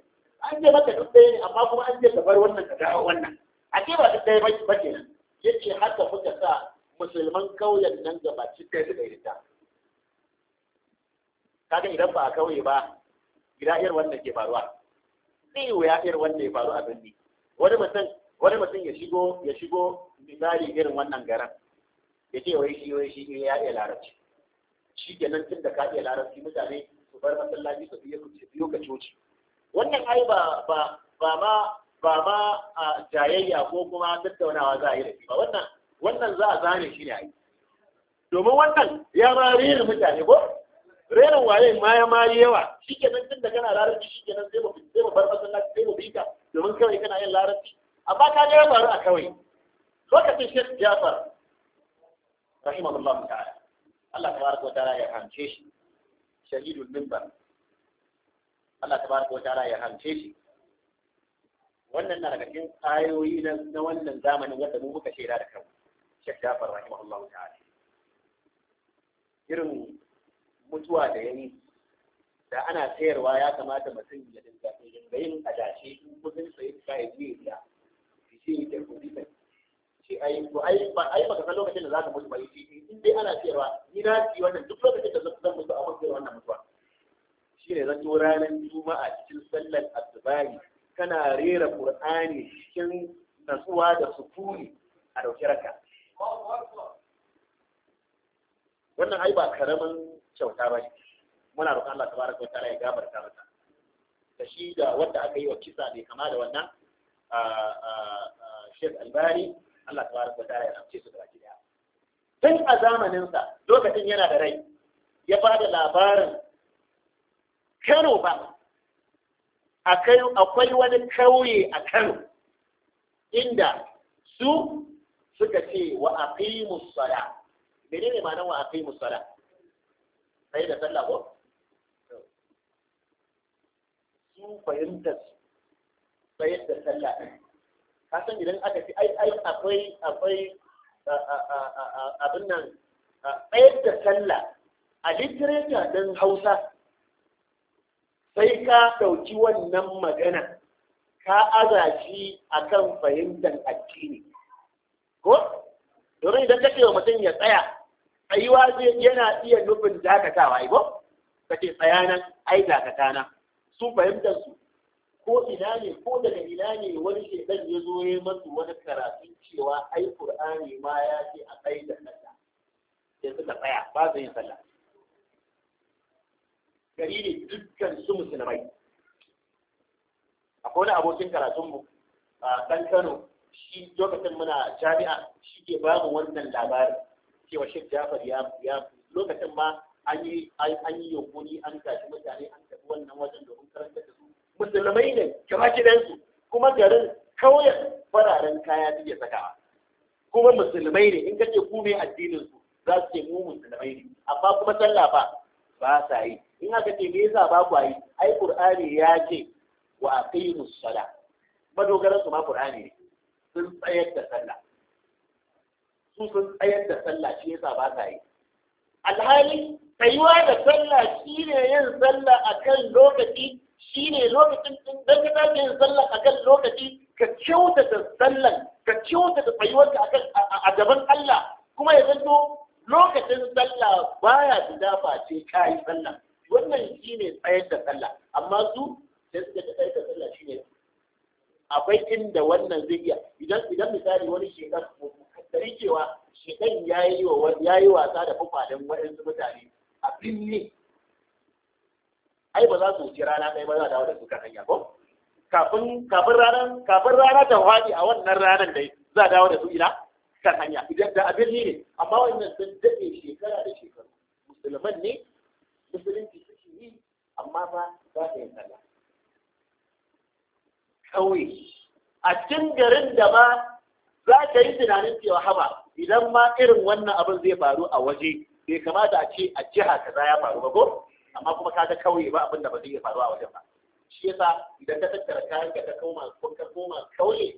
A: an je maka duk ɗaya ne amma kuma an je gabar wannan ka dawo wannan a ce ba duk ɗaya ba ba kenan yace haka muka sa musulman kauyen nan gaba ci ɗaya da ta kaga idan ba a kauye ba gida irin wannan ke faruwa zai wuya irin wannan ya faru a birni wani mutum wani mutum ya shigo ya shigo misali irin wannan garan ya ce wai shi wai shi ya iya larabci shi ke nan tun da ka iya larabci mutane su bar masallaci su biyo su biyo ka coci wannan ai ba ba ba ma ba ma a jayayya ko kuma tattaunawa za a yi da shi ba wannan wannan za a zane shi ne ai domin wannan ya ma rera mutane ko rera waye ma ya ma yawa shi ke nan tun da kana larabci shi ke nan sai mu sai mu bar masallaci sai mu bi ka domin kawai kana yin larabci amma ka ga ya faru a kawai lokacin ya Jafar rahimahullahu ta'ala Allah ta wa ta'ala ya hamce shi shahidul minbar Allah ta wa ta'ala ya hamce shi wannan na daga cikin ayoyi na wannan zamanin wanda mu muka shaida da kan Sheikh Jafar rahimahullahu ta'ala irin mutuwa da yayi da ana sayarwa ya kamata mutum ya dinga yin adashi kudin sai ya yi biya shi da kudi ce ai to ai ba ai baka san lokacin da zaka mutu ba yi eh, in dai ana cewa ni na ci wannan duk lokacin da zan mutu a mutu wannan mutuwa shine zan to ranar juma'a cikin sallar asubari kana rera qur'ani cikin natsuwa da sukuni a dauke raka wannan ai ba karamin kyauta ba ne muna roƙon Allah tabaraka wa ta'ala ya gafarta mata da shi da wanda aka yi wa kisa ne kama da wannan a Sheikh Albani Allah ta tabaraka ta'ala ya amce su gaba gida tun a zamaninsa lokacin yana da rai ya ba da labarin Kano ba akwai wani kauye a Kano inda su suka ce wa aqimus sala menene ma'anar wa aqimus sala sai da sallah ko su fahimtar sai da sallah kasan san idan aka ci ai ai akwai akwai abin nan ɗaya da sallah a literature don hausa sai ka ɗauki wannan magana ka aza shi a kan fahimtar addini ko domin idan ka ce wa mutum ya tsaya tsayuwa yana iya nufin dakatawa ai ko ka ce tsaya nan ai dakata na su fahimtar su ko ina ne ko daga ina ne wani shedan ya zo ya masu wani karatun cewa ai qur'ani ma ya ce a kai da sallah sai suka tsaya ba su yin sallah gari ne dukkan su musulmai akwai wani abokin karatunmu a kan kano shi lokacin muna jami'a shi ke ba mu wannan labarin cewa Sheikh Jafar ya ya lokacin ma an yi an yi yunkuri an tashi mutane an tafi wannan wajen domin karanta da su musulmai ne kamar gidansu kuma garin kauyen fararen kaya suke sakawa kuma musulmai ne in ka ce ku addininsu addinin su za su ce mu musulmai ne amma kuma sallah ba ba sa yi in aka ce me yasa ba ku yi ai qur'ani ya ce wa aqimus sala madogaran su ma qur'ani ne sun tsayar da sallah su sun tsayar da sallah shi yasa ba sa yi alhali tsayuwa da sallah shine yin sallah akan lokaci shi ne lokacin ɗin don ka tafi yin sallah a kan lokaci ka kyautata sallah, ka kyautata tsayuwarka a kan a gaban Allah kuma ya zanto lokacin sallah baya fita face ka yi sallah wannan shi ne tsayar da sallah amma su sai suka ta tsayar da sallah shi ne akwai inda wannan zai iya idan idan misali wani shekar kaddari cewa shekan ya yi wasa da fafalin waɗansu mutane a binne ai ba za su wuce rana ɗaya ba za a dawo da su kan hanya ko kafin kafin rana kafin rana ta faɗi a wannan ranar dai za a dawo da su ina kan hanya idan da abin ne amma wannan sun daɗe shekara da shekaru musulman ne musulunci suke yi amma ba za ta yi sallah kawai a cikin garin da ma za ka yi tunanin cewa haba idan ma irin wannan abin zai faru a waje bai kamata a ce a jiha kaza ya faru ba ko amma kuma kaga kauye ba abin da ba zai iya faruwa wajen ba shi yasa idan ka tattara kayan ka koma ka koma kauye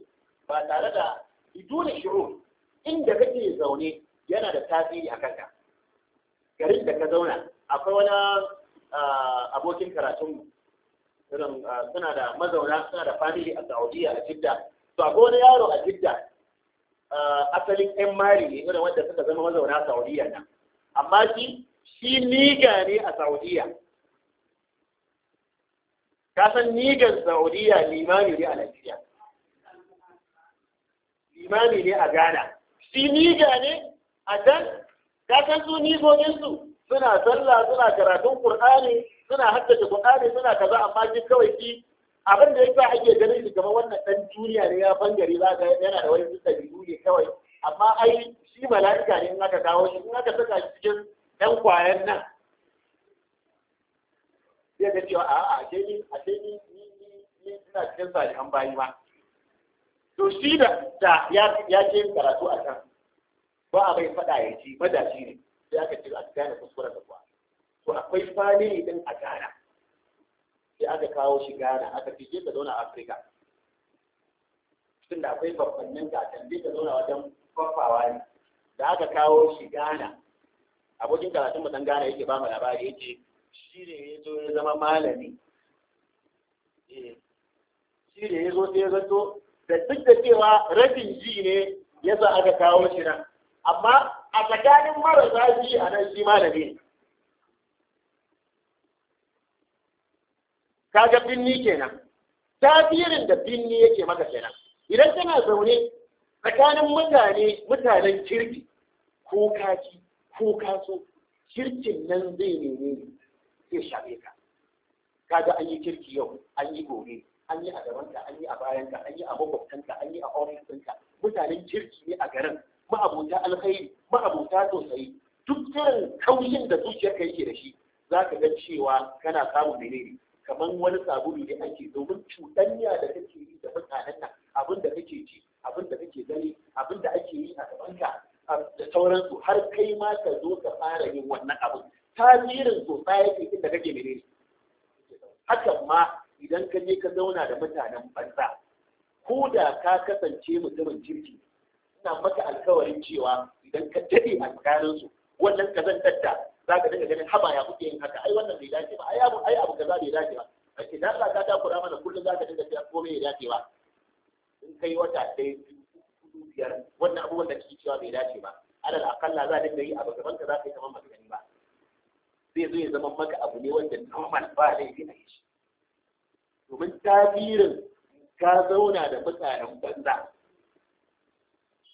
A: ba tare da biduna shiru inda kake zaune yana da tasiri a kanka garin da ka zauna akwai wani ah, abokin karatun irin ah, suna da mazauna suna da family a Saudiya a Jidda to akwai wani yaro a Jidda ah, asalin 'yan mari ne irin wanda suka zama mazauna Saudiya nan amma shi shi niga ne a saudiya ka san nigan saudiya limami ne a Lafiya. limami ne a ghana shi niga ne a can ka san su nigoninsu suna sallah suna karatun Kur'ani, suna haddace Kur'ani, suna kaza amma shi kawai shi abin da ya yasa ake ganin shi kamar wannan dan duniya ne ya bangare za ka yana da wani dabi'u ne kawai amma ai shi mala'ika ne in aka kawo shi in aka saka shi cikin ɗan kwayan nan zai ga cewa a'a ashe ni ashe ni ni ina cikin salihan bayi ma to shi da ta ya ya ce karatu a can ba a bai faɗa ya ci madashi ne sai aka ce a gane kuskuren da kuwa to akwai family din a Ghana sai aka kawo shi Ghana aka ce je ka zauna a Afirka da akwai babbannin gatan je ka zauna wajen kwafawa ne da aka kawo shi Ghana abokin karatun mu dan gane yake ba mu labari yake
B: shi ne ya zo ya zama
A: malami eh, shi ne ya zo sai ya zato da duk da cewa rabin ji ne ya sa aka kawo shi nan amma a tsakanin marasa ji a nan shi malami ne kaga binni kenan tasirin da binni yake maka kenan idan kana zaune tsakanin mutane mutanen kirki ko kaji kuka so kirkin nan zai nemi zai shafe ka kaga an yi kirki yau an yi gobe an yi a gabanka an yi a bayanka an yi a makwabtanka an yi a ofis ɗinka mutanen kirki ne a garin ma'abota alkhairi ma'abota sosai. duk irin kaushin da zuciyarka yake da shi za ka ga cewa kana samun menene kamar wani sabulu ne ake domin cutanya da kake yi da mutanen nan abin da kake ci abin da kake gani abin da ake yi a gabanka da sauransu har kai ma ka zo ka fara yin wannan abin tasirin ke din da kake menene hakan ma idan ka je ka zauna da mutanen banza ko da ka kasance mutumin jirgi ina maka alkawarin cewa idan ka daɗe a tsakaninsu wannan ka zan tatta za ka dinga ganin haba ya kuke yin haka ai wannan bai dace ba ai abu ai abu kaza bai dace ba kake da Allah ka takura mana kullum za ka dinga cewa komai ya dace ba in kai wata ɗaya biyar wannan abubuwan da kike cewa bai dace ba alal akalla za dinga yi a gaban ka za ka yi kamar baka gani ba zai zo ya zama maka abu ne wanda normal ba laifi a shi domin tabirin ka zauna da mutanen banza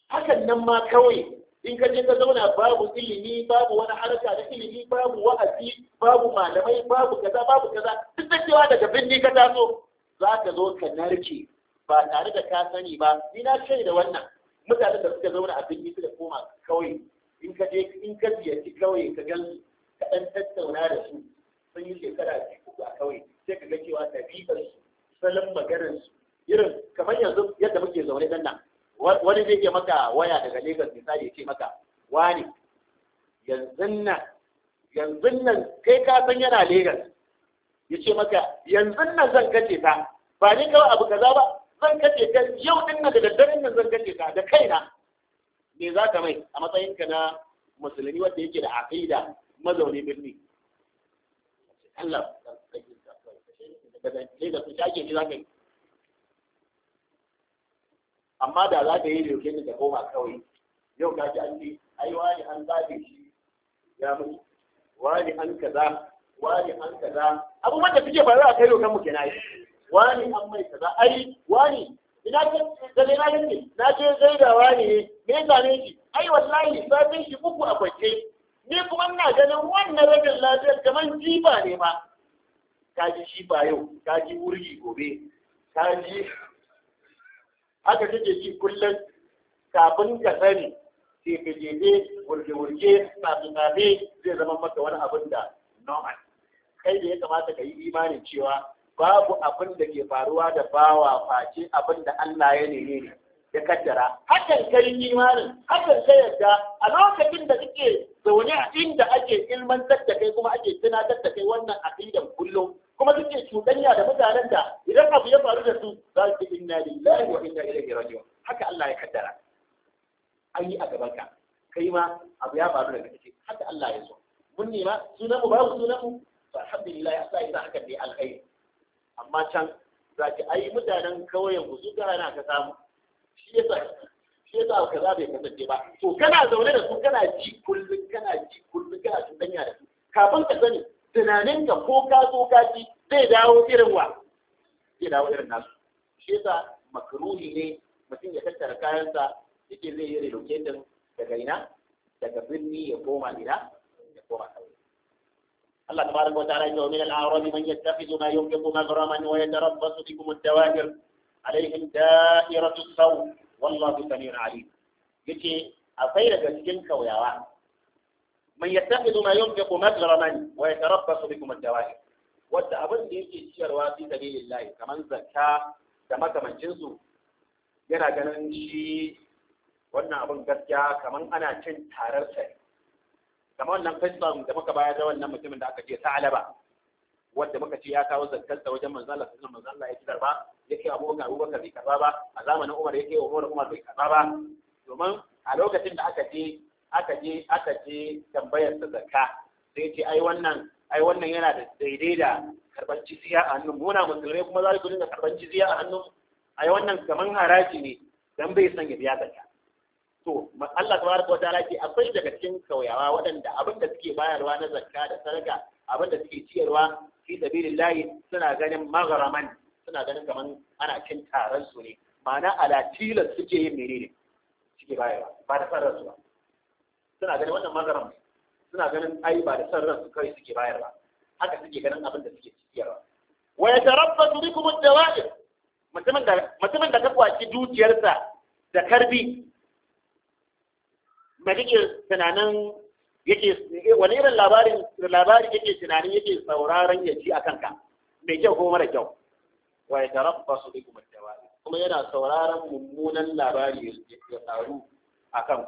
A: hakan nan ma kawai in ka je ka zauna babu ilimi babu wani harka da ilimi babu wa'azi babu malamai babu kaza babu kaza duk da cewa daga birni ka taso za ka zo ka narke ba tare da ka sani ba ni na da wannan mutanen da suka zauna a birni suka koma kawai. in ka je in ka ziyarci kawai ka gan ka dan tattauna da su sun yi shekara biyu uku a kawai. sai ka ga cewa ɗabi'ar su salon maganar su irin kamar yanzu yadda muke zaune nan nan wani zai ke maka waya daga Lagos misali ya ce maka wani yanzu nan yanzu nan kai ka san yana Lagos ya ce maka yanzu nan zan kace ta ba ni kawai abu kaza ba zan kace ka yau din nan da daddare nan zan kace ka da kaina me za ka mai a matsayinka na musulmi wanda yake da aqida mazauni birni Allah da su shake shi za ka yi amma da za ka yi da yake da koma kawai yau ka ji an ce ai wani an zabe shi ya mutu wani an kaza wani an kaza abubuwan da suke faruwa a kai yau mu kenan wani an mai kaza ai wani ina ce zai na gaske na ce zai gaidawa ne me zane shi ai wallahi sabin shi uku a kwance ni kuma ina ganin wannan rabin lafiyar kamar jifa ne ma ka ji jifa yau ka ji wurgi gobe ka ji [LAUGHS] aka take ji kullum kafin ka sani jefe-jefe wurge-wurge tsafi-tsafi zai zama maka wani abin da normal kai da ya kamata ka yi imanin cewa babu abin da ke faruwa da bawa face abin da Allah ya neme ne ya kaddara hakan kai imanin hakan sai yadda a lokacin da kike zaune a inda ake ilman da kai kuma ake tunatar da kai wannan aqidan kullum kuma kike cuɗanya da mutanen da idan abu ya faru da su za su inna lillahi wa inna ilaihi raji'un haka Allah ya kaddara an yi a gaban ka kai ma abu ya faru da kake haka Allah ya so mun nema sunan mu babu sunan mu alhamdulillah Allah ya sa haka dai alkhairi amma can za ki ai mutanen kauyen ku su gara na ka samu shi sa shi sa ka za bai kasance ba to kana zaune da su kana ji kullum kana ji kullum kana danya da su kafin ka sani tunaninka ko ka so ka ji zai dawo irin wa zai dawo irin nasu shi ya sa makruhi ne mutum ya tattara kayansa yake zai yi relocating daga ina daga birni ya koma ina ya koma الله تبارك وتعالى ومن الأعراب من يتخذ ما ينفق مغرما ويتربص بكم الدوائر عليهم دائرة السوء والله سميع عليم يجي أخير كسكن كوياوا من يتخذ ما ينفق مغرما ويتربص بكم الدوائر wadda abin da yake ciyarwa fi sabilillahi kamar zakka da makamancinsu yana ganin shi wannan abin gaskiya kamar ana cin tarar sa kamar wannan kisan da muka bayar da wannan mutumin da aka ce Salaba wanda muka ce ya kawo zakkarsa wajen manzo Allah sallallahu alaihi wasallam ya ci darba yake Abu Bakar Abu Bakar bai karba ba a zamanin Umar yake Umar Umar bai karba ba domin a lokacin da aka je aka je aka je tambayar da zakka sai ce ai wannan ai wannan yana da daidai da karban jizya a hannun muna musulmai kuma za ku dinga karban jizya a hannun ai wannan kaman haraji ne dan bai san ya biya zakka to Allah tabaraka wa ta'ala ce akwai daga cikin kauyawa waɗanda abin da suke bayarwa na zakka da sadaka abin da suke ciyarwa fi sabilillahi suna ganin magharaman suna ganin kaman ana cin taron su ne ma'ana ala tilas suke yin menene suke bayarwa ba da sarrar su ba suna ganin wannan magharam suna ganin ai ba da sarrar su kai suke bayarwa haka suke ganin abin da suke ciyarwa wa yatarabbasu bikum ad-dawa'ir mutumin da mutumin da ka kwaci dukiyarsa da karbi mai tunanin yake wani irin labarin labarin yake tunanin yake sauraron ya ji akan ka mai kyau ko mara kyau wa ya tarabba su
B: ad-dawa'i
A: kuma yana sauraron mummunan labari ya taru akan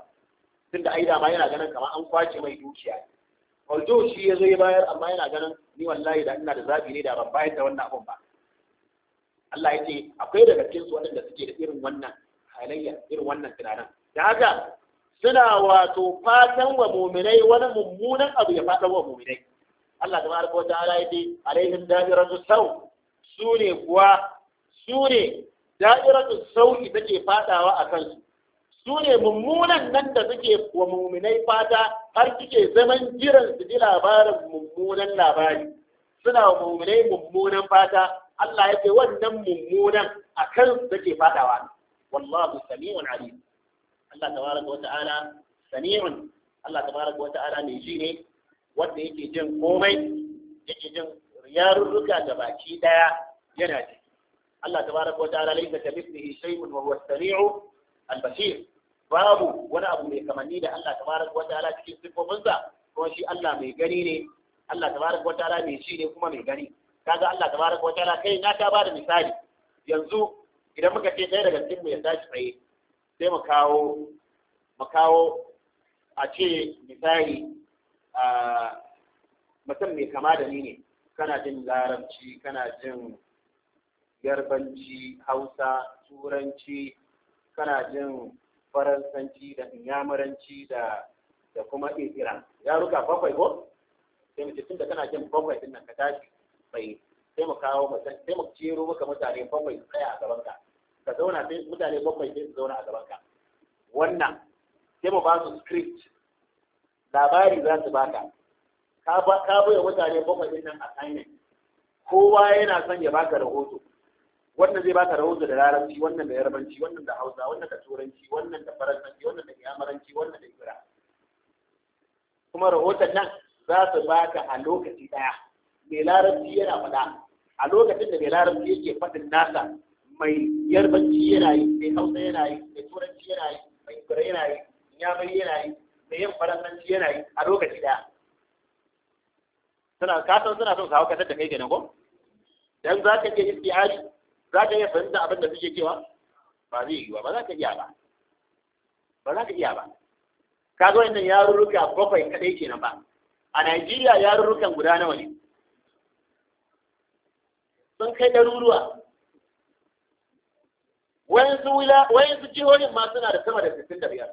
A: tunda ai da ma yana ganin kamar an kwace mai dukiya Aljo shi ya zo ya bayar amma yana ganin ni wallahi da ina da zabi ne da ban bayar da wannan abun ba Allah ya ce akwai daga cikin su waɗanda suke da irin wannan halayya irin wannan tunanin da haka suna wato fatan wa muminai wani mummunan abu ya fatan wa muminai Allah ta baraka wata ala yake alaihim da'iratu sau su ne kuwa su ne da'iratu sau ita ke fadawa a kansu su ne mummunan nan da suke wa muminai fata har kike zaman jiran su ji labarin mummunan labari suna wa muminai mummunan fata Allah ya ce wannan mummunan a kansu take fadawa wallahu sami'un alim Allah tabaraka wa ta'ala sami'un Allah tabaraka wa ta'ala mai ji ne wanda yake jin komai yake jin yarurruka da baki daya yana ji Allah tabaraka wa ta'ala laysa kamithlihi shay'un wa huwa as-sami'u al-basir babu wani abu mai kamanni da Allah tabaraka wa ta'ala cikin sifofinsa kuma shi Allah mai gani ne Allah tabaraka wa ta'ala mai ji ne kuma mai gani kaga Allah tabaraka wa ta'ala kai na ta bada misali yanzu idan muka ce ɗaya daga cikin mu ya tashi tsaye sai makawo kawo a ce misali mutum mai kama da ni ne kana jin larabci kana jin yarbanci hausa turanci kana jin faransanci da inyamuranci da da kuma Ya ruka bakwai ko sai mace tun da kana jin bakwai din nan ka tashi bai sai mu kawo mutum sai mu cero maka mutane bakwai tsaya a gaban ka ka zauna sai mutane bakwai sai su zauna a gaban ka wannan sai mu ba su script labari za su baka ka bai mutane bakwai din nan assignment kowa yana son ya baka rahoto wannan zai baka rahoto da larabci wannan da yarbanci wannan da hausa wannan da turanci wannan da faransanci wannan da yamaranci wannan da ibra kuma rahoton nan za su baka a lokaci daya mai larabci yana faɗa a lokacin da mai larabci yake faɗin nasa mai yarbanci yana yi mai hausa yana yi mai turanci yana yi mai kura yana yi yamari yana yi mai yin faransanci yana yi a lokaci daya suna kasan suna son kawo kasar da kai kenan ko dan za ka iya istihari za ka iya fahimta abin da suke cewa ba zai yi ba ba za ka iya ba ba za ka iya ba ka zo inda yarurruka bakwai kadai kenan ba a Najeriya yarurrukan guda nawa ne sun kai ɗaruruwa wayansu jihohin ma suna da sama da 65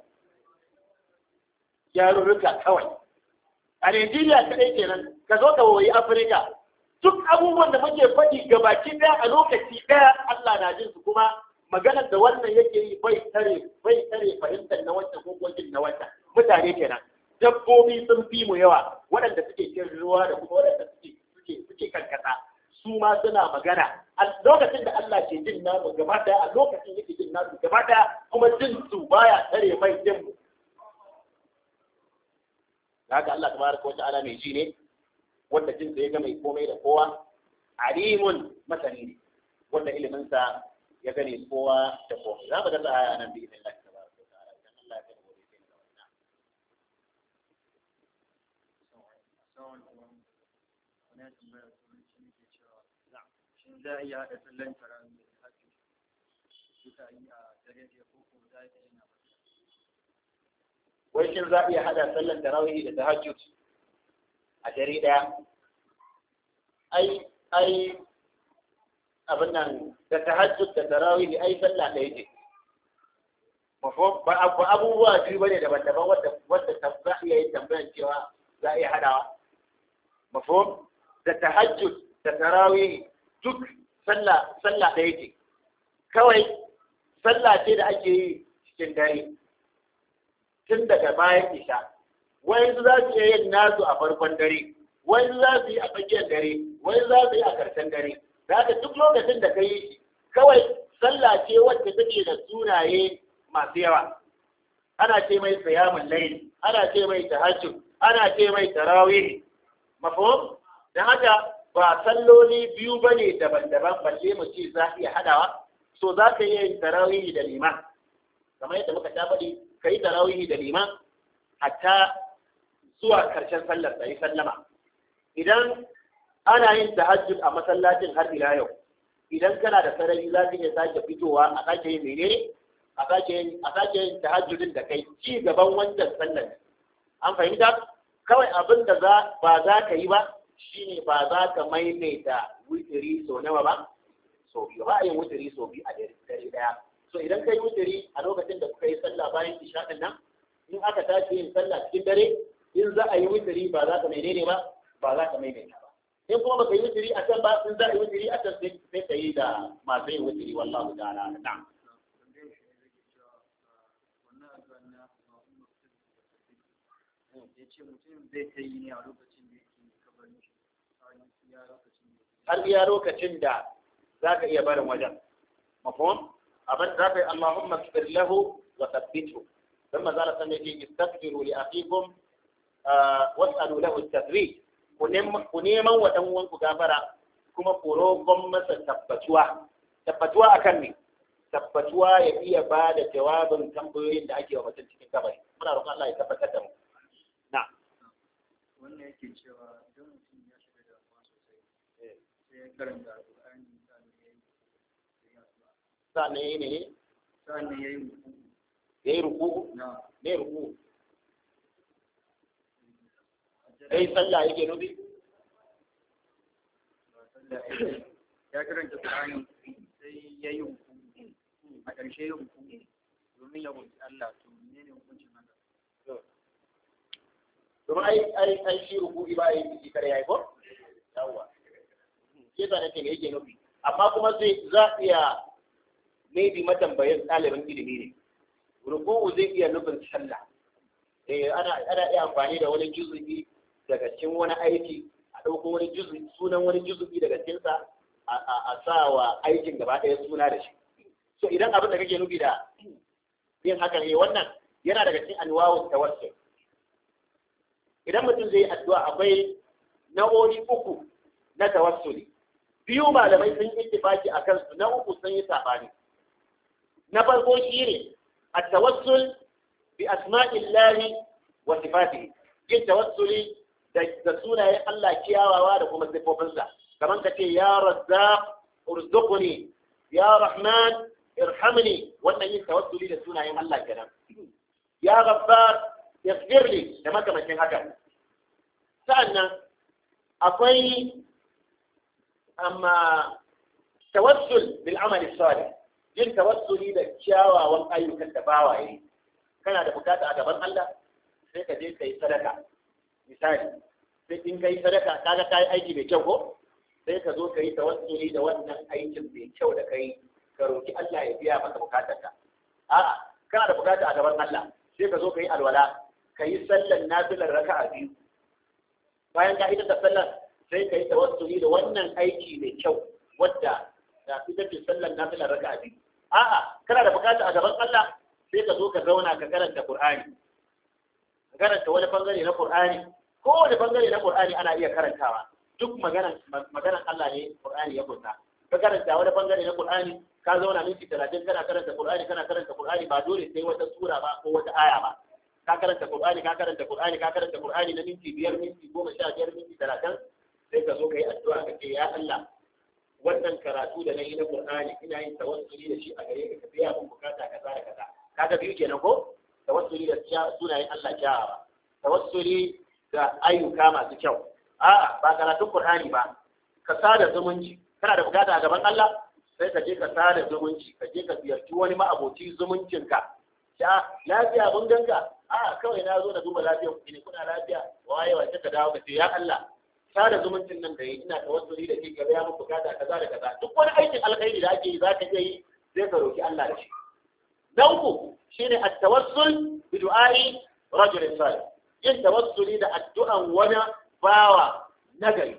A: yarurruka kawai a Najeriya kaɗai kenan ka zo ka woyi Afirka duk abubuwan da muke faɗi gabaki ɗaya a lokaci ɗaya Allah na jin su kuma maganar da wannan yake yi bai tare bai tare fahimtar na wata ko gogin na wata mutane kenan dabbobi sun fi mu yawa waɗanda suke cin ruwa da kuma waɗanda suke suke suke su ma suna magana a lokacin da Allah ke jin namu gaba daya a lokacin yake jin namu gaba daya kuma jin su baya tare mai jin mu haka Allah tabaraka wa ta'ala mai ji ne wanda jin sa ya ga mai komai da kowa alimun masani ne wanda ilimin sa ya gane kowa da kowa za mu ga aya nan bi idin Allah
B: za a iya haɗa sallan taron da hajji suka yi a dare da ko ko za a iya na
A: wai shin za a iya haɗa sallan tarawih da ta tahajjud a dare ɗaya ai ai abin nan da tahajjud da tarawih ai sallah ɗaya ce ba abubuwa biyu bane daban-daban wadda za a iya yin tambayan cewa za a iya haɗawa mafhum da tahajjud da tarawih duk sallah sallah ɗaya ce kawai sallah ce da ake yi cikin dare tun daga bayan isha wayansu za su iya yin nasu a farkon dare wayansu za su yi a tsakiyar dare wayansu za su yi a karshen dare za ka duk lokacin da ka yi shi kawai sallah ce wacce take da sunaye masu yawa ana ce mai siyamun laili ana ce mai tahajjud ana ce mai tarawih mafhum da haka ba salloli biyu ba ne daban-daban balle mu ce za iya hadawa so za ka yi tarawihi da liman kamar yadda muka ta faɗi ka yi tarawihi da liman hatta zuwa karshen sallar da sallama idan ana yin tahajjud a masallacin har ila yau idan kana da sarari za ka iya sake fitowa a sake yin menene a sake yin tahajjudin da kai ci gaban wancan sallar an fahimta kawai abin da ba za ka yi ba shine ba za ka maimaita wutiri sau nawa ba sau biyu ba a yin wutiri sau biyu a dare daya so idan kai wutiri a lokacin da kuka yi sallah bayan isha din nan in aka tashi yin sallah cikin dare in za a yi wutiri ba za ka menene ba ba za ka maimaita ba in kuma baka yi wutiri a can ba in za a yi wutiri a can sai ka yi da masu yin wutiri. wallahu ta'ala na'am
B: eh, ya ce mutum zai ta yi ne a lokacin har iya
A: lokacin da za ka iya barin wajen mafon abin za ka yi Allahumma kafir lahu wa tabbitu dan manzo Allah sanne yake istaghfiru li akhikum ah, was'alu lahu at ku neman wa dan uwanku gafara kuma ku roƙon masa tabbatuwa tabbatuwa akan ne tabbatuwa ya iya ba da jawabin tambayoyin da
B: ake wa mutum cikin kabari muna roƙon Allah ya tabbatar da mu na wannan yake cewa
A: sani ya yi ne
B: sani ya yi ya yi ruku
A: ne ruku ya yi sallah yake nufi
B: ya karanta Qur'ani sai ya yi hukumi a ƙarshe ya hukumi domin ya wuce Allah to ne ne hukuncin Allah domin ai ai ai shi ruku'i
A: ba yi kare yayi ko yawa shi yasa nake mai yake nufi amma kuma sai za a iya maybe matambayin ɗaliban ilimi ne ruku'u zai iya nufin sallah eh ana iya amfani da wani juzu'i daga cikin wani aiki a ɗauko wani juzu'i sunan wani juzu'i daga cikin a sa wa aikin gaba ɗaya suna da shi so idan abin da kake nufi da yin haka ne wannan yana daga cikin anwawu tawassul idan mutum zai addu'a akwai na'ori uku na tawassuli biyu malamai sun yi ittifaki a kansu na uku sun yi sabani na farko shi ne a tawassul bi asma'illahi wa sifatihi yin tawassuli da sunayen Allah kiyawawa da kuma sifofinsa kamar ka ce ya razzaq urzuqni ya rahman irhamni wannan yin tawassuli da sunayen Allah kenan ya ghaffar yaghfirli da makamancin haka sa'annan akwai amma tawassul bil amali salih yin tawassuli da kyawawan ayyukan da bawaye yi kana da bukata a gaban Allah sai ka je ka yi sadaka misali sai in ka yi sadaka kaga ka yi aiki mai kyau ko sai ka zo ka yi tawassuli da wannan aikin mai kyau da kai ka roki Allah ya biya maka bukatarka a'a kana da bukata a gaban Allah sai ka zo ka yi alwala ka yi sallan nafilar raka'a biyu bayan ka ita da sallar sai ka yi tawassuli da wannan aiki mai kyau wadda da ita ce sallan fila raka biyu a'a kana da bukata a gaban Allah sai ka zo ka zauna ka karanta Qur'ani ka karanta wani bangare na Qur'ani wani bangare na Qur'ani ana iya karantawa duk maganan Allah ne Qur'ani ya kunta ka karanta wani bangare na Qur'ani ka zauna minti 30 kana karanta Qur'ani kana karanta Qur'ani ba dole sai wata sura ba ko wata aya ba ka karanta Qur'ani ka karanta Qur'ani ka karanta Qur'ani na minti 5 minti 10 biyar minti 30 sai ka zo ka yi addu'a ka ce ya Allah wannan karatu da na yi na Qur'ani ina yin tawassuli da shi a gare ka ka biya mun bukata kaza da kaza kaga biyu kenan ko tawassuli da sunayen Allah kyawawa tawassuli da ayyuka masu kyau a'a ba karatun Qur'ani ba ka sada zumunci kana da bukata a gaban Allah sai ka je ka sada zumunci ka je ka ziyarci wani ma'aboci ka. ya lafiya mun ganga a kawai na zo na duba lafiyar ku ne kuna lafiya waye wace ka dawo ka ce ya Allah sada zumuncin nan da yi ina tawassuli da ke gaba ya mu bukata kaza da kaza duk wani aikin alkhairi da ake yi za ka iya yi zai ka roki Allah da shi na uku shine at-tawassul bi du'ai rajulin salih yin tawassuli da addu'an wani bawa nagari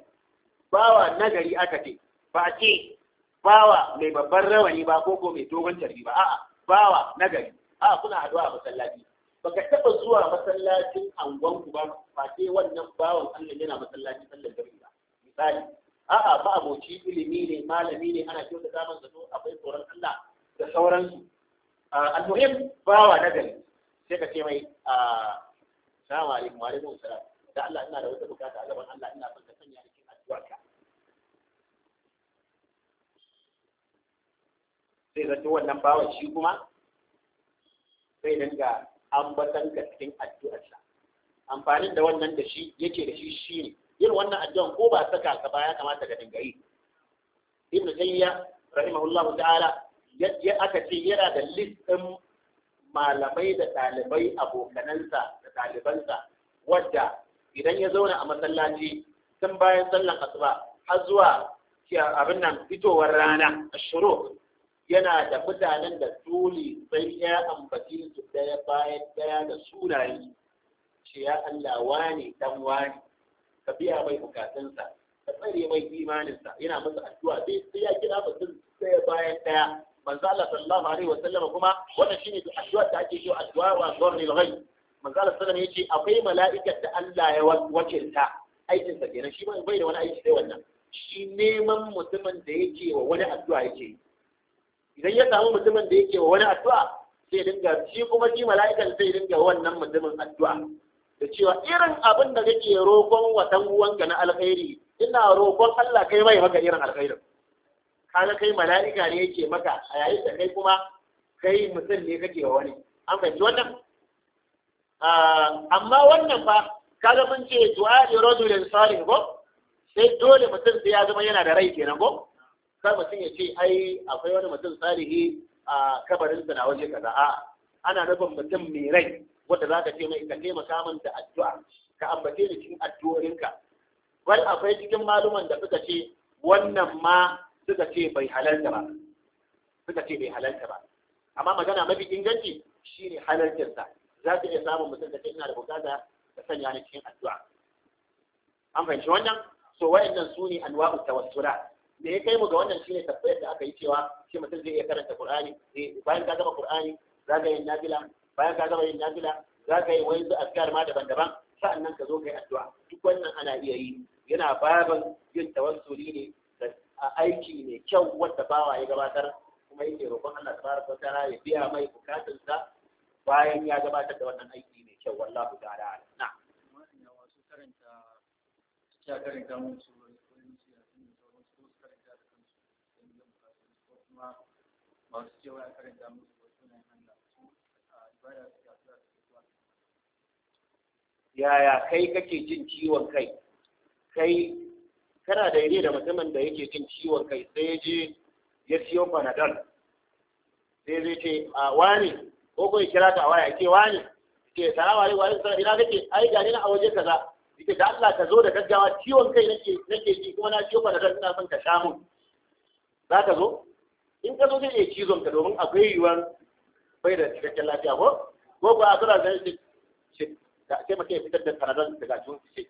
A: bawa nagari aka ce ba ce bawa mai babban rawani ba ko ko mai dogon tarbi ba a'a bawa nagari A'a, kuna addu'a masallaci baka taba zuwa masallacin angon ku ba ba sai wannan bawan Allah yana masallacin sallar gari ba misali a'a ba aboci ilimi ne malami ne ana kyauta zaman zato akwai tsoron Allah da sauransu al-muhim bawa na gari sai ka ce mai salamu alaikum wa alaikum salam da Allah ina da wata bukata a gaban Allah ina son ka sanya ni cikin ka sai zato wannan bawan shi kuma sai dinga ambatanka cikin addu'arsa amfanin da wannan da shi yake da shi shine yin wannan addu'an ko ba saka ka ba ya kamata ka dinga yi ibnu tayyiya rahimahullahu ta'ala ya aka ce yana da list ɗin malamai da ɗalibai abokanansa da ɗalibansa wadda idan ya zauna a masallaci tun bayan sallan asuba har zuwa abin nan fitowar rana a yana da mutanen da dole sai ya ambaci su daya bayan daya da sunaye ce ya Allah wani dan wani ka biya mai bukatunsa ka tsare mai imaninsa yana masa addu'a sai sai ya kira mutum ɗaya bayan daya manzo Allah sallallahu alaihi wa sallama kuma wannan shine addu'a da ake yi addu'a wa gharnil ghaib manzo Allah sallallahu alaihi yace akwai mala'ikat da Allah ya wakilta aikinsa kenan shi bai da wani aiki sai wannan shi neman mutumin da yake wa wani addu'a yake yi idan ya samu mutumin da yake wa wani addu'a sai dinga shi kuma shi mala'ikan sai dinga wannan mutumin addu'a da cewa irin abin da kake roƙon wa dan uwanka na alkhairi ina roƙon Allah kai mai haka irin alkhairin kaga kai mala'ika ne yake maka a yayin da kai kuma kai mutum ne kake wa wani an fahimci wannan ah, amma wannan fa kaga mun ce du'a rajulin salih ko sai dole mutum sai ya zama yana da rai kenan ko kar mutum ya ce ai akwai wani mutum salihi a kabarinsa na waje kaza a ana nufin mutum mai rai wanda za ka ce mai ka taimaka min da addu'a ka ambace ni cikin addu'orinka. wal akwai cikin maluman da suka ce wannan ma suka ce bai halarta ba suka ce bai halarta ba amma magana mafi inganci shine halartarsa za ka iya samun mutum da ce ina da bukata ka sanya ni cikin addu'a an fahimci wannan so wayannan su ne anwa'u tawassula me ya kai mu ga wannan shine tafiyar da aka yi cewa shi mutum zai iya karanta Qur'ani bayan ka gama Qur'ani za ka yi nafila bayan ka gama yin nafila za ka yi wasu azkar ma daban-daban sa'annan ka zo ka yi addu'a duk wannan ana iya yi yana baban yin tawassuli ne da aiki mai kyau wanda bawa ya gabatar kuma yake roƙon Allah tabaraka wa ta'ala ya biya mai bukatunsa bayan ya gabatar da wannan aiki mai kyau wallahu ta'ala
B: na'am ya karanta musu masu cewa ya karanta musu Allah su ibada su
A: yaya kai kake jin ciwon kai kai kana da ire da mutumin da yake jin ciwon kai sai ya je ya siyo panadol sai zai ce a wani ko kuma ya kira ta waya ke wani ke salamu alaikum wa alaikum ina kake ai gani na a waje kaza yake da Allah ka zo da gaggawa ciwon kai nake nake ji kuma na ciwo panadol ina son ka sha mun za ka zo in ka zo zai iya cizon ka domin akwai yiwuwar bai da cikakken lafiya ko ko ba a zura zai ce da sai mutum ya fitar da karadon daga cikin ce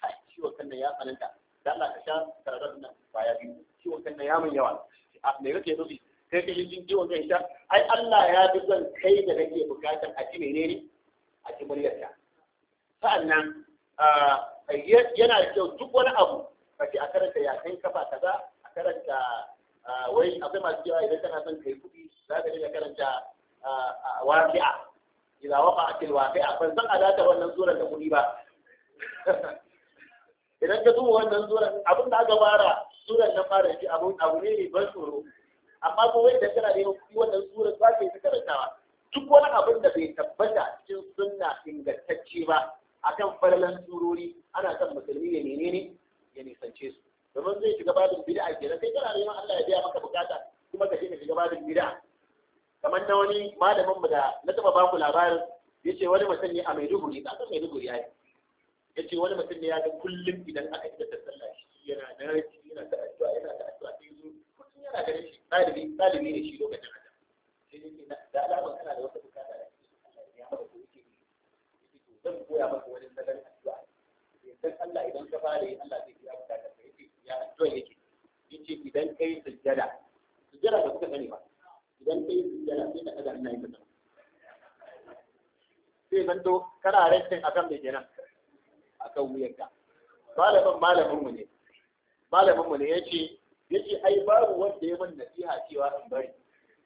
A: kai ciwon kan nan ya tsananta da Allah ka sha karadon nan baya biyu ciwon kan nan ya mun yawa a me kake nufi kai ka yi ciwon kan sha ai Allah ya fi son kai da kake bukatar a ne menene a ci muryarka sa'annan yana da kyau duk wani abu ce a karanta ya kai kafa kaza a karanta Ah, wai akwai masu cewa idan kana son kai kuɗi za ka dinga karanta wafi'a a cikin wafi'a ban san a alaka wannan surar da kuɗi ba [LAUGHS] idan ka duba wannan surar abin da aka fara surar na fara shi abu ne mai ban tsoro amma ko wai da kana neman kuɗi wannan surar za ka yi karantawa duk wani abin da bai tabbata cikin sunna ingantacce ba akan farlan surori ana son musulmi ya menene ya nisance su domin zai shiga babin bid'a kenan sai kana neman Allah ya biya maka bukata kuma ka shiga shiga babin bid'a kamar na wani malamin mu da na taba baku labarin yace wani mutum ne a Maiduguri ka san Maiduguri ai yace wani mutum ne ya ga kullum idan aka yi ta sallah shi yana narki yana da addu'a yana da addu'a sai zo kullum yana da shi ɗalibi ɗalibi ne shi lokacin haka sai yake da alama kana da wata bukata da Allah ya biya maka ko yake zan koya maka wani salon addu'a sai Allah idan ka fara yi Allah zai biya maka ya addu'a yake yace idan kai sujjada sujjada ba suka sani ba idan kai sujjada sai ka daga ina yin sujjada
B: sai
A: zan zanto kana rantin akan mai kenan akan wuyanka malamin malamin mu ne malamin mu ne yace yace ai babu wanda ya min nasiha cewa in bari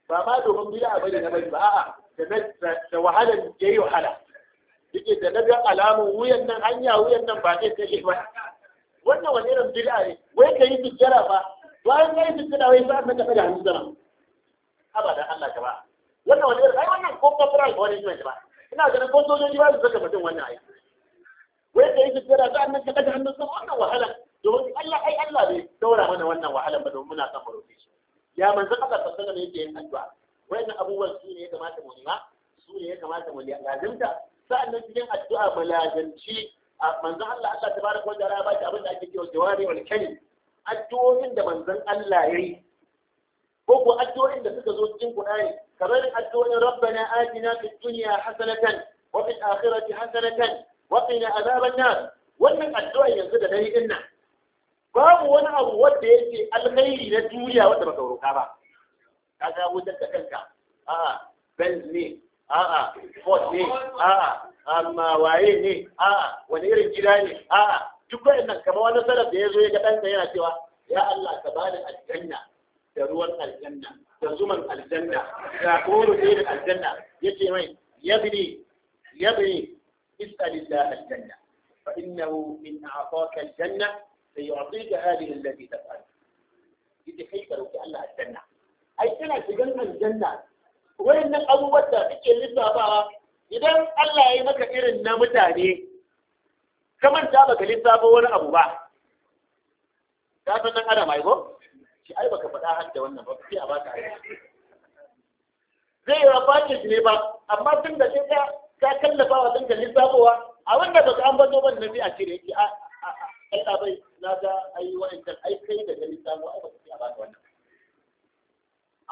A: ba ma domin a bane na bari ba a'a da wahalan yayi wahala yake da na ga alamun wuyan nan hanya wuyan nan ba zai kashe ba wannan wani irin bid'a ne wai ka yi sujjada ba bayan ka yi sujjada wai sa'an ka daga hannu sama abada Allah ka ba wannan wani irin ai wannan ko corporal ko wani ba ina ganin ko sojoji ba su saka mutum wannan ai wai ka yi sujjada sa'an ka daga hannu sama wannan wahala domin Allah ai Allah bai daura mana wannan wahalan ba domin muna son mu ya manzo Allah sallallahu alaihi wasallam yake yin addu'a wayannan abubuwan su ne ya kamata mu nema su ne ya kamata mu lazimta sa'annan cikin addu'a mu lazimci manzo Allah Allah tabaraka wa ta'ala ya ba shi abin da ake cewa jawari wal kalim addu'o'in da manzon Allah ya yi ko ko addu'o'in da suka zo cikin Qur'ani kamar addu'o'in rabbana atina fid dunya hasanatan wa fil akhirati hasanatan wa qina azaban nar wannan addu'a yanzu da dare dinnan babu wani abu wanda yake alkhairi na duniya wanda baka roka ba Ka ga wutar da kanka a'a benz ne a'a ford ne a'a amma waye ne a'a wani irin gida ne a'a duk wa'annan kamar wani salaf da ya zo ya ga ɗansa yana cewa ya Allah ka bani aljanna da ruwan aljanna da zuman aljanna da koro ne da aljanna yace mai yabni yabni is'alillah aljanna fa innahu in a'taka aljanna sayu'tika hadhihi allati taf'al yace kai ka roki Allah aljanna ai kana shigan aljanna wayannan abubuwan da kake lissafawa idan Allah ya yi maka irin na mutane ka ta baka lissafo wani abu ba ka san nan adam ai go shi ai baka faɗa har da wannan ba sai a baka ai zai yi package ne ba amma tun da sai ka ka kallafa wa kanka lissafowa a wanda baka an bazo ban na sai a cire ki a ai bai, na ga ai wa'annan ai kai da ga lissafo ai baka sai a baka wannan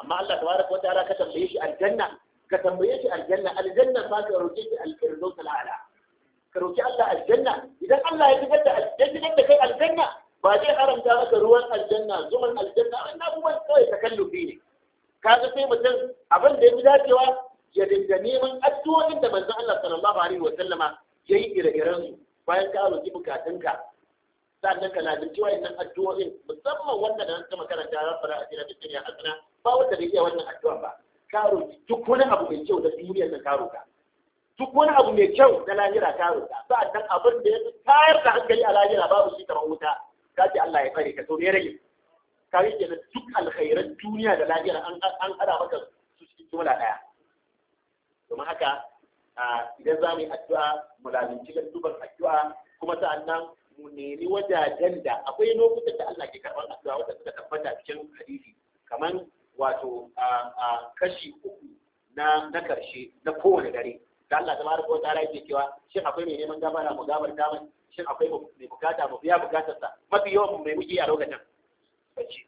A: amma Allah ta baraka wa ta'ala ka tambaye shi aljanna ka tambaye shi aljanna aljanna ba ka roke shi alfirdausul a'la ka roki Allah aljanna idan Allah ya zubar da aljanna da kai aljanna ba zai haramta maka ruwan aljanna zuman aljanna wannan abubuwan kawai takallufi ne kaga sai mutum abin da ya fi dacewa ya dinga neman addu'o'in da manzon Allah sallallahu alaihi wa sallama yayi ire-iren su bayan ka roki bukatunka sannan ka ladinci wayannan addu'o'in musamman wanda da ta makaranta ya fara a cikin duniya hasana ba wanda bai iya wannan addu'a ba ka roki duk wani abu mai kyau da duniyar nan ka roka duk wani abu mai kyau na lahira ta Ba sa'an abin da ya fi tayar da hankali a lahira babu shi kamar wuta ka ce Allah ya tsare ka to ne rage ka yi kenan duk alkhairan duniya da lahira an hada maka su su jumla daya kuma haka idan za mu yi addu'a mu da gantuban addu'a kuma sa'an nan mu nemi wajajen da akwai lokutan da Allah ke karɓar addu'a wanda suka tabbata cikin hadisi kamar wato kashi uku na na karshe na kowane dare da Allah tabaraka wa ta'ala yake cewa shin akwai mai neman gafara mu ta mai shin akwai mai bukata mu biya bukatar sa mafi yawan mu mai muke a lokacin bacci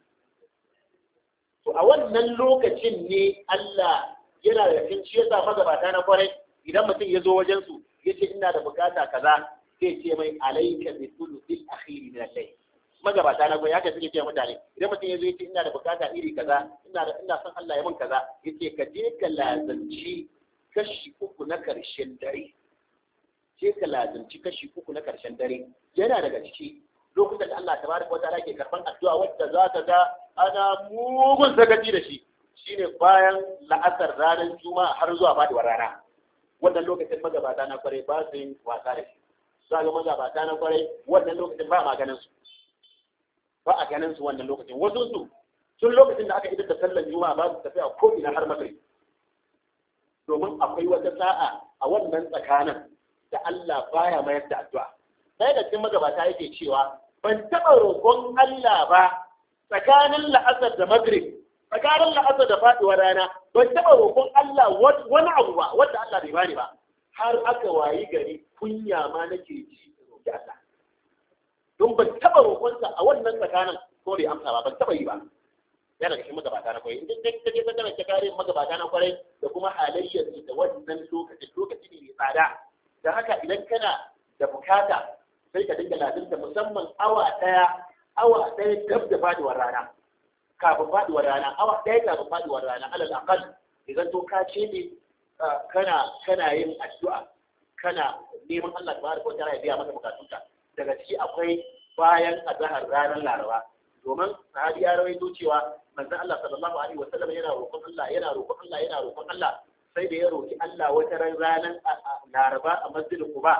A: to a wannan lokacin ne Allah yana da cikin shi yasa magabata na kwarai idan mutum ya zo wajen su yace ina da bukata kaza zai ce mai alayka bi thuluthil akhir min al-layl magabata na kwarai haka suke ce mutane idan mutum ya zo yace ina da bukata iri kaza ina da ina son Allah ya mun kaza yace ka je ka lazanci kashi uku na ƙarshen dare sai ka lazimci kashi uku na ƙarshen dare yana daga ciki lokacin da Allah tabaraka wa ta'ala ke karban addu'a wadda za ka ga ana mugun sakaci da shi shine bayan la'asar ranar juma'a har zuwa faduwar rana wannan lokacin magabata na kwarai ba su yin wasa da shi za ga magabata na kwarai wannan lokacin ba ma ganin su ba a ganin su wannan lokacin wasu su tun lokacin da aka idar da sallar juma'a ba su tafiya ko ina har magrib domin akwai wata sa'a a wannan tsakanin da Allah baya mayar da addu'a sai da cikin magabata yake cewa ban taɓa roƙon Allah ba tsakanin la'asar da magrib tsakanin la'asar da faɗuwar rana ban taɓa roƙon Allah wani abu ba wanda Allah bai bani ba har aka wayi gari kunya ma nake ji roƙi Allah don ban taɓa roƙonsa a wannan tsakanin ko bai amsa ba ban taɓa yi ba yana cikin magabata na kwarai In duk duk duk da kare magabata na kwarai da kuma halayyar su da wannan lokaci lokaci ne mai tsada Da haka idan kana da bukata sai ka dinga lazimta musamman awa daya awa daya dab da faduwar rana kafin faduwar rana awa daya kafin faduwar rana alal aqal idan to ka ce ne kana kana yin addu'a kana neman Allah tabaraka wa ta'ala ya biya maka bukatunka daga ciki akwai bayan azhar ranar Laraba domin sahabi ya rawaito cewa manzo Allah sallallahu alaihi wasallam yana roƙon Allah yana roƙon Allah yana roƙon Allah sai da ya roƙi Allah wata ran ranar Laraba a masjidin Quba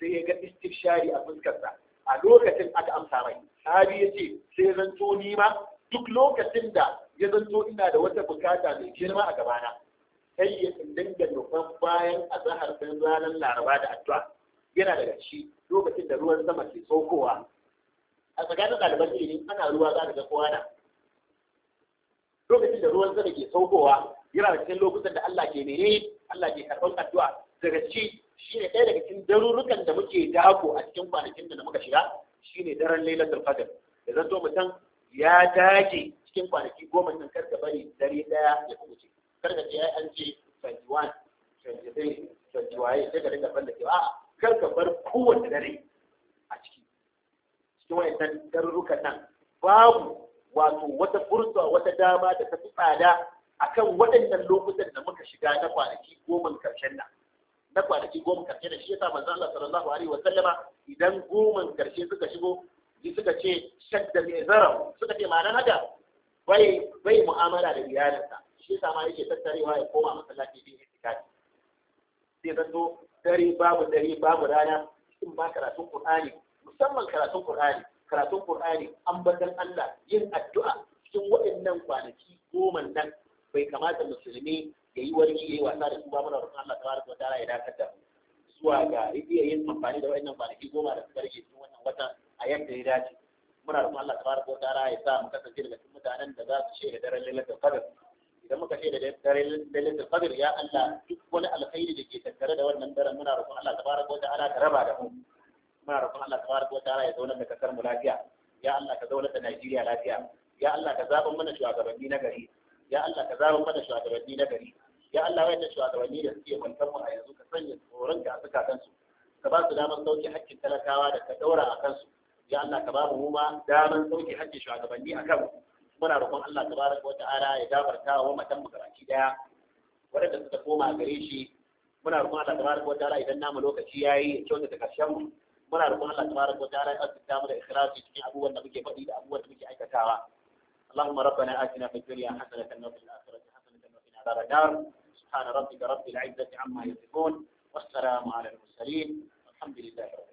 A: sai ya ga istikshari a fuskarsa a lokacin aka amsa mai sahabi ya ce sai zanto ni ma duk lokacin da ya zanto ina da wata bukata mai girma a gabana sai ya dinga nufan bayan azahar zahar ranar laraba da addu'a yana daga shi lokacin da ruwan sama ke saukowa a tsakanin ɗaliban ilimi ana ruwa za ka ga kowa na lokacin da ruwan sama ke saukowa yana da cikin lokutan da Allah ke mene Allah ke karɓar addu'a daga ci ne ɗaya daga cikin darurukan da muke dako a cikin kwanakin da muka shiga shine daren lailatul qadr da zanto mutum ya dage cikin kwanaki goma nan kar ka bari dare ɗaya ya kuce kar ka ce ai an ce 21 23 21 sai ka dinga fanda cewa kar ka bar kowanne dare cikin wayannan garurukan nan babu wato wata fursa wata dama da ta fi tsada akan waɗannan lokutan da muka shiga na kwanaki goman karshen nan na kwanaki goma ƙarshe da shi ya yasa manzo Allah sallallahu alaihi wa sallama idan goman ƙarshe suka shigo ji suka ce shadda mai zara suka ce ma'anar haka bai bai mu'amala da iyalinsa shi yasa ma yake tattarewa ya koma masallaci bin itikafi sai zanto dare babu dare babu rana cikin ba karatun Qur'ani musamman karatun Qur'ani karatun Qur'ani ambatan Allah yin addu'a cikin waɗannan kwanaki goma nan bai kamata musulmi ya yi wargi ya yi wasa da su ba mana roƙon Allah tabaraka wa ta'ala ya dakatar da zuwa ga iya yin amfani da waɗannan kwanaki goma da su rage cikin wannan wata a yadda ya dace muna roƙon Allah tabaraka wa ta'ala ya sa mu kasance daga cikin mutanen da za su shaida daren lailatul qadr idan muka ce daren dare lailatul ya Allah duk wani alkhairi da ke tattare da wannan daren muna roƙon Allah tabaraka wa ta'ala ka raba da mu muna roƙon Allah tabaraka wataala ya zauna da kasar mu lafiya ya Allah ka zauna da Najeriya lafiya ya Allah ka zaɓa mana shugabanni na gari ya Allah ka zaɓa mana shugabanni na gari ya Allah wayar da shugabanni da suke kwantar mu a yanzu ka sanya tsoron ka a zukatansu ka ba su damar sauke haƙƙin talakawa da ka ɗaura a kansu ya Allah ka ba mu ma damar sauke haƙƙin shugabanni a kanmu muna roƙon Allah tabaraka wata'ala ya gafarta wa matan mu gabaki daya waɗanda suka koma gare shi muna roƙon Allah tabaraka wata'ala idan namu lokaci yayi ya kyautata karshen mu muna roƙon Allah tabaraka wa ta'ala ya tsaya mu da ikhlasi cikin abubuwan da muke faɗi da abubuwan da muke aikatawa اللهم ربنا آتنا في الدنيا حسنة وفي الآخرة حسنة وقنا عذاب النار سبحان ربك رب العزة عما يصفون والسلام على المرسلين والحمد لله رب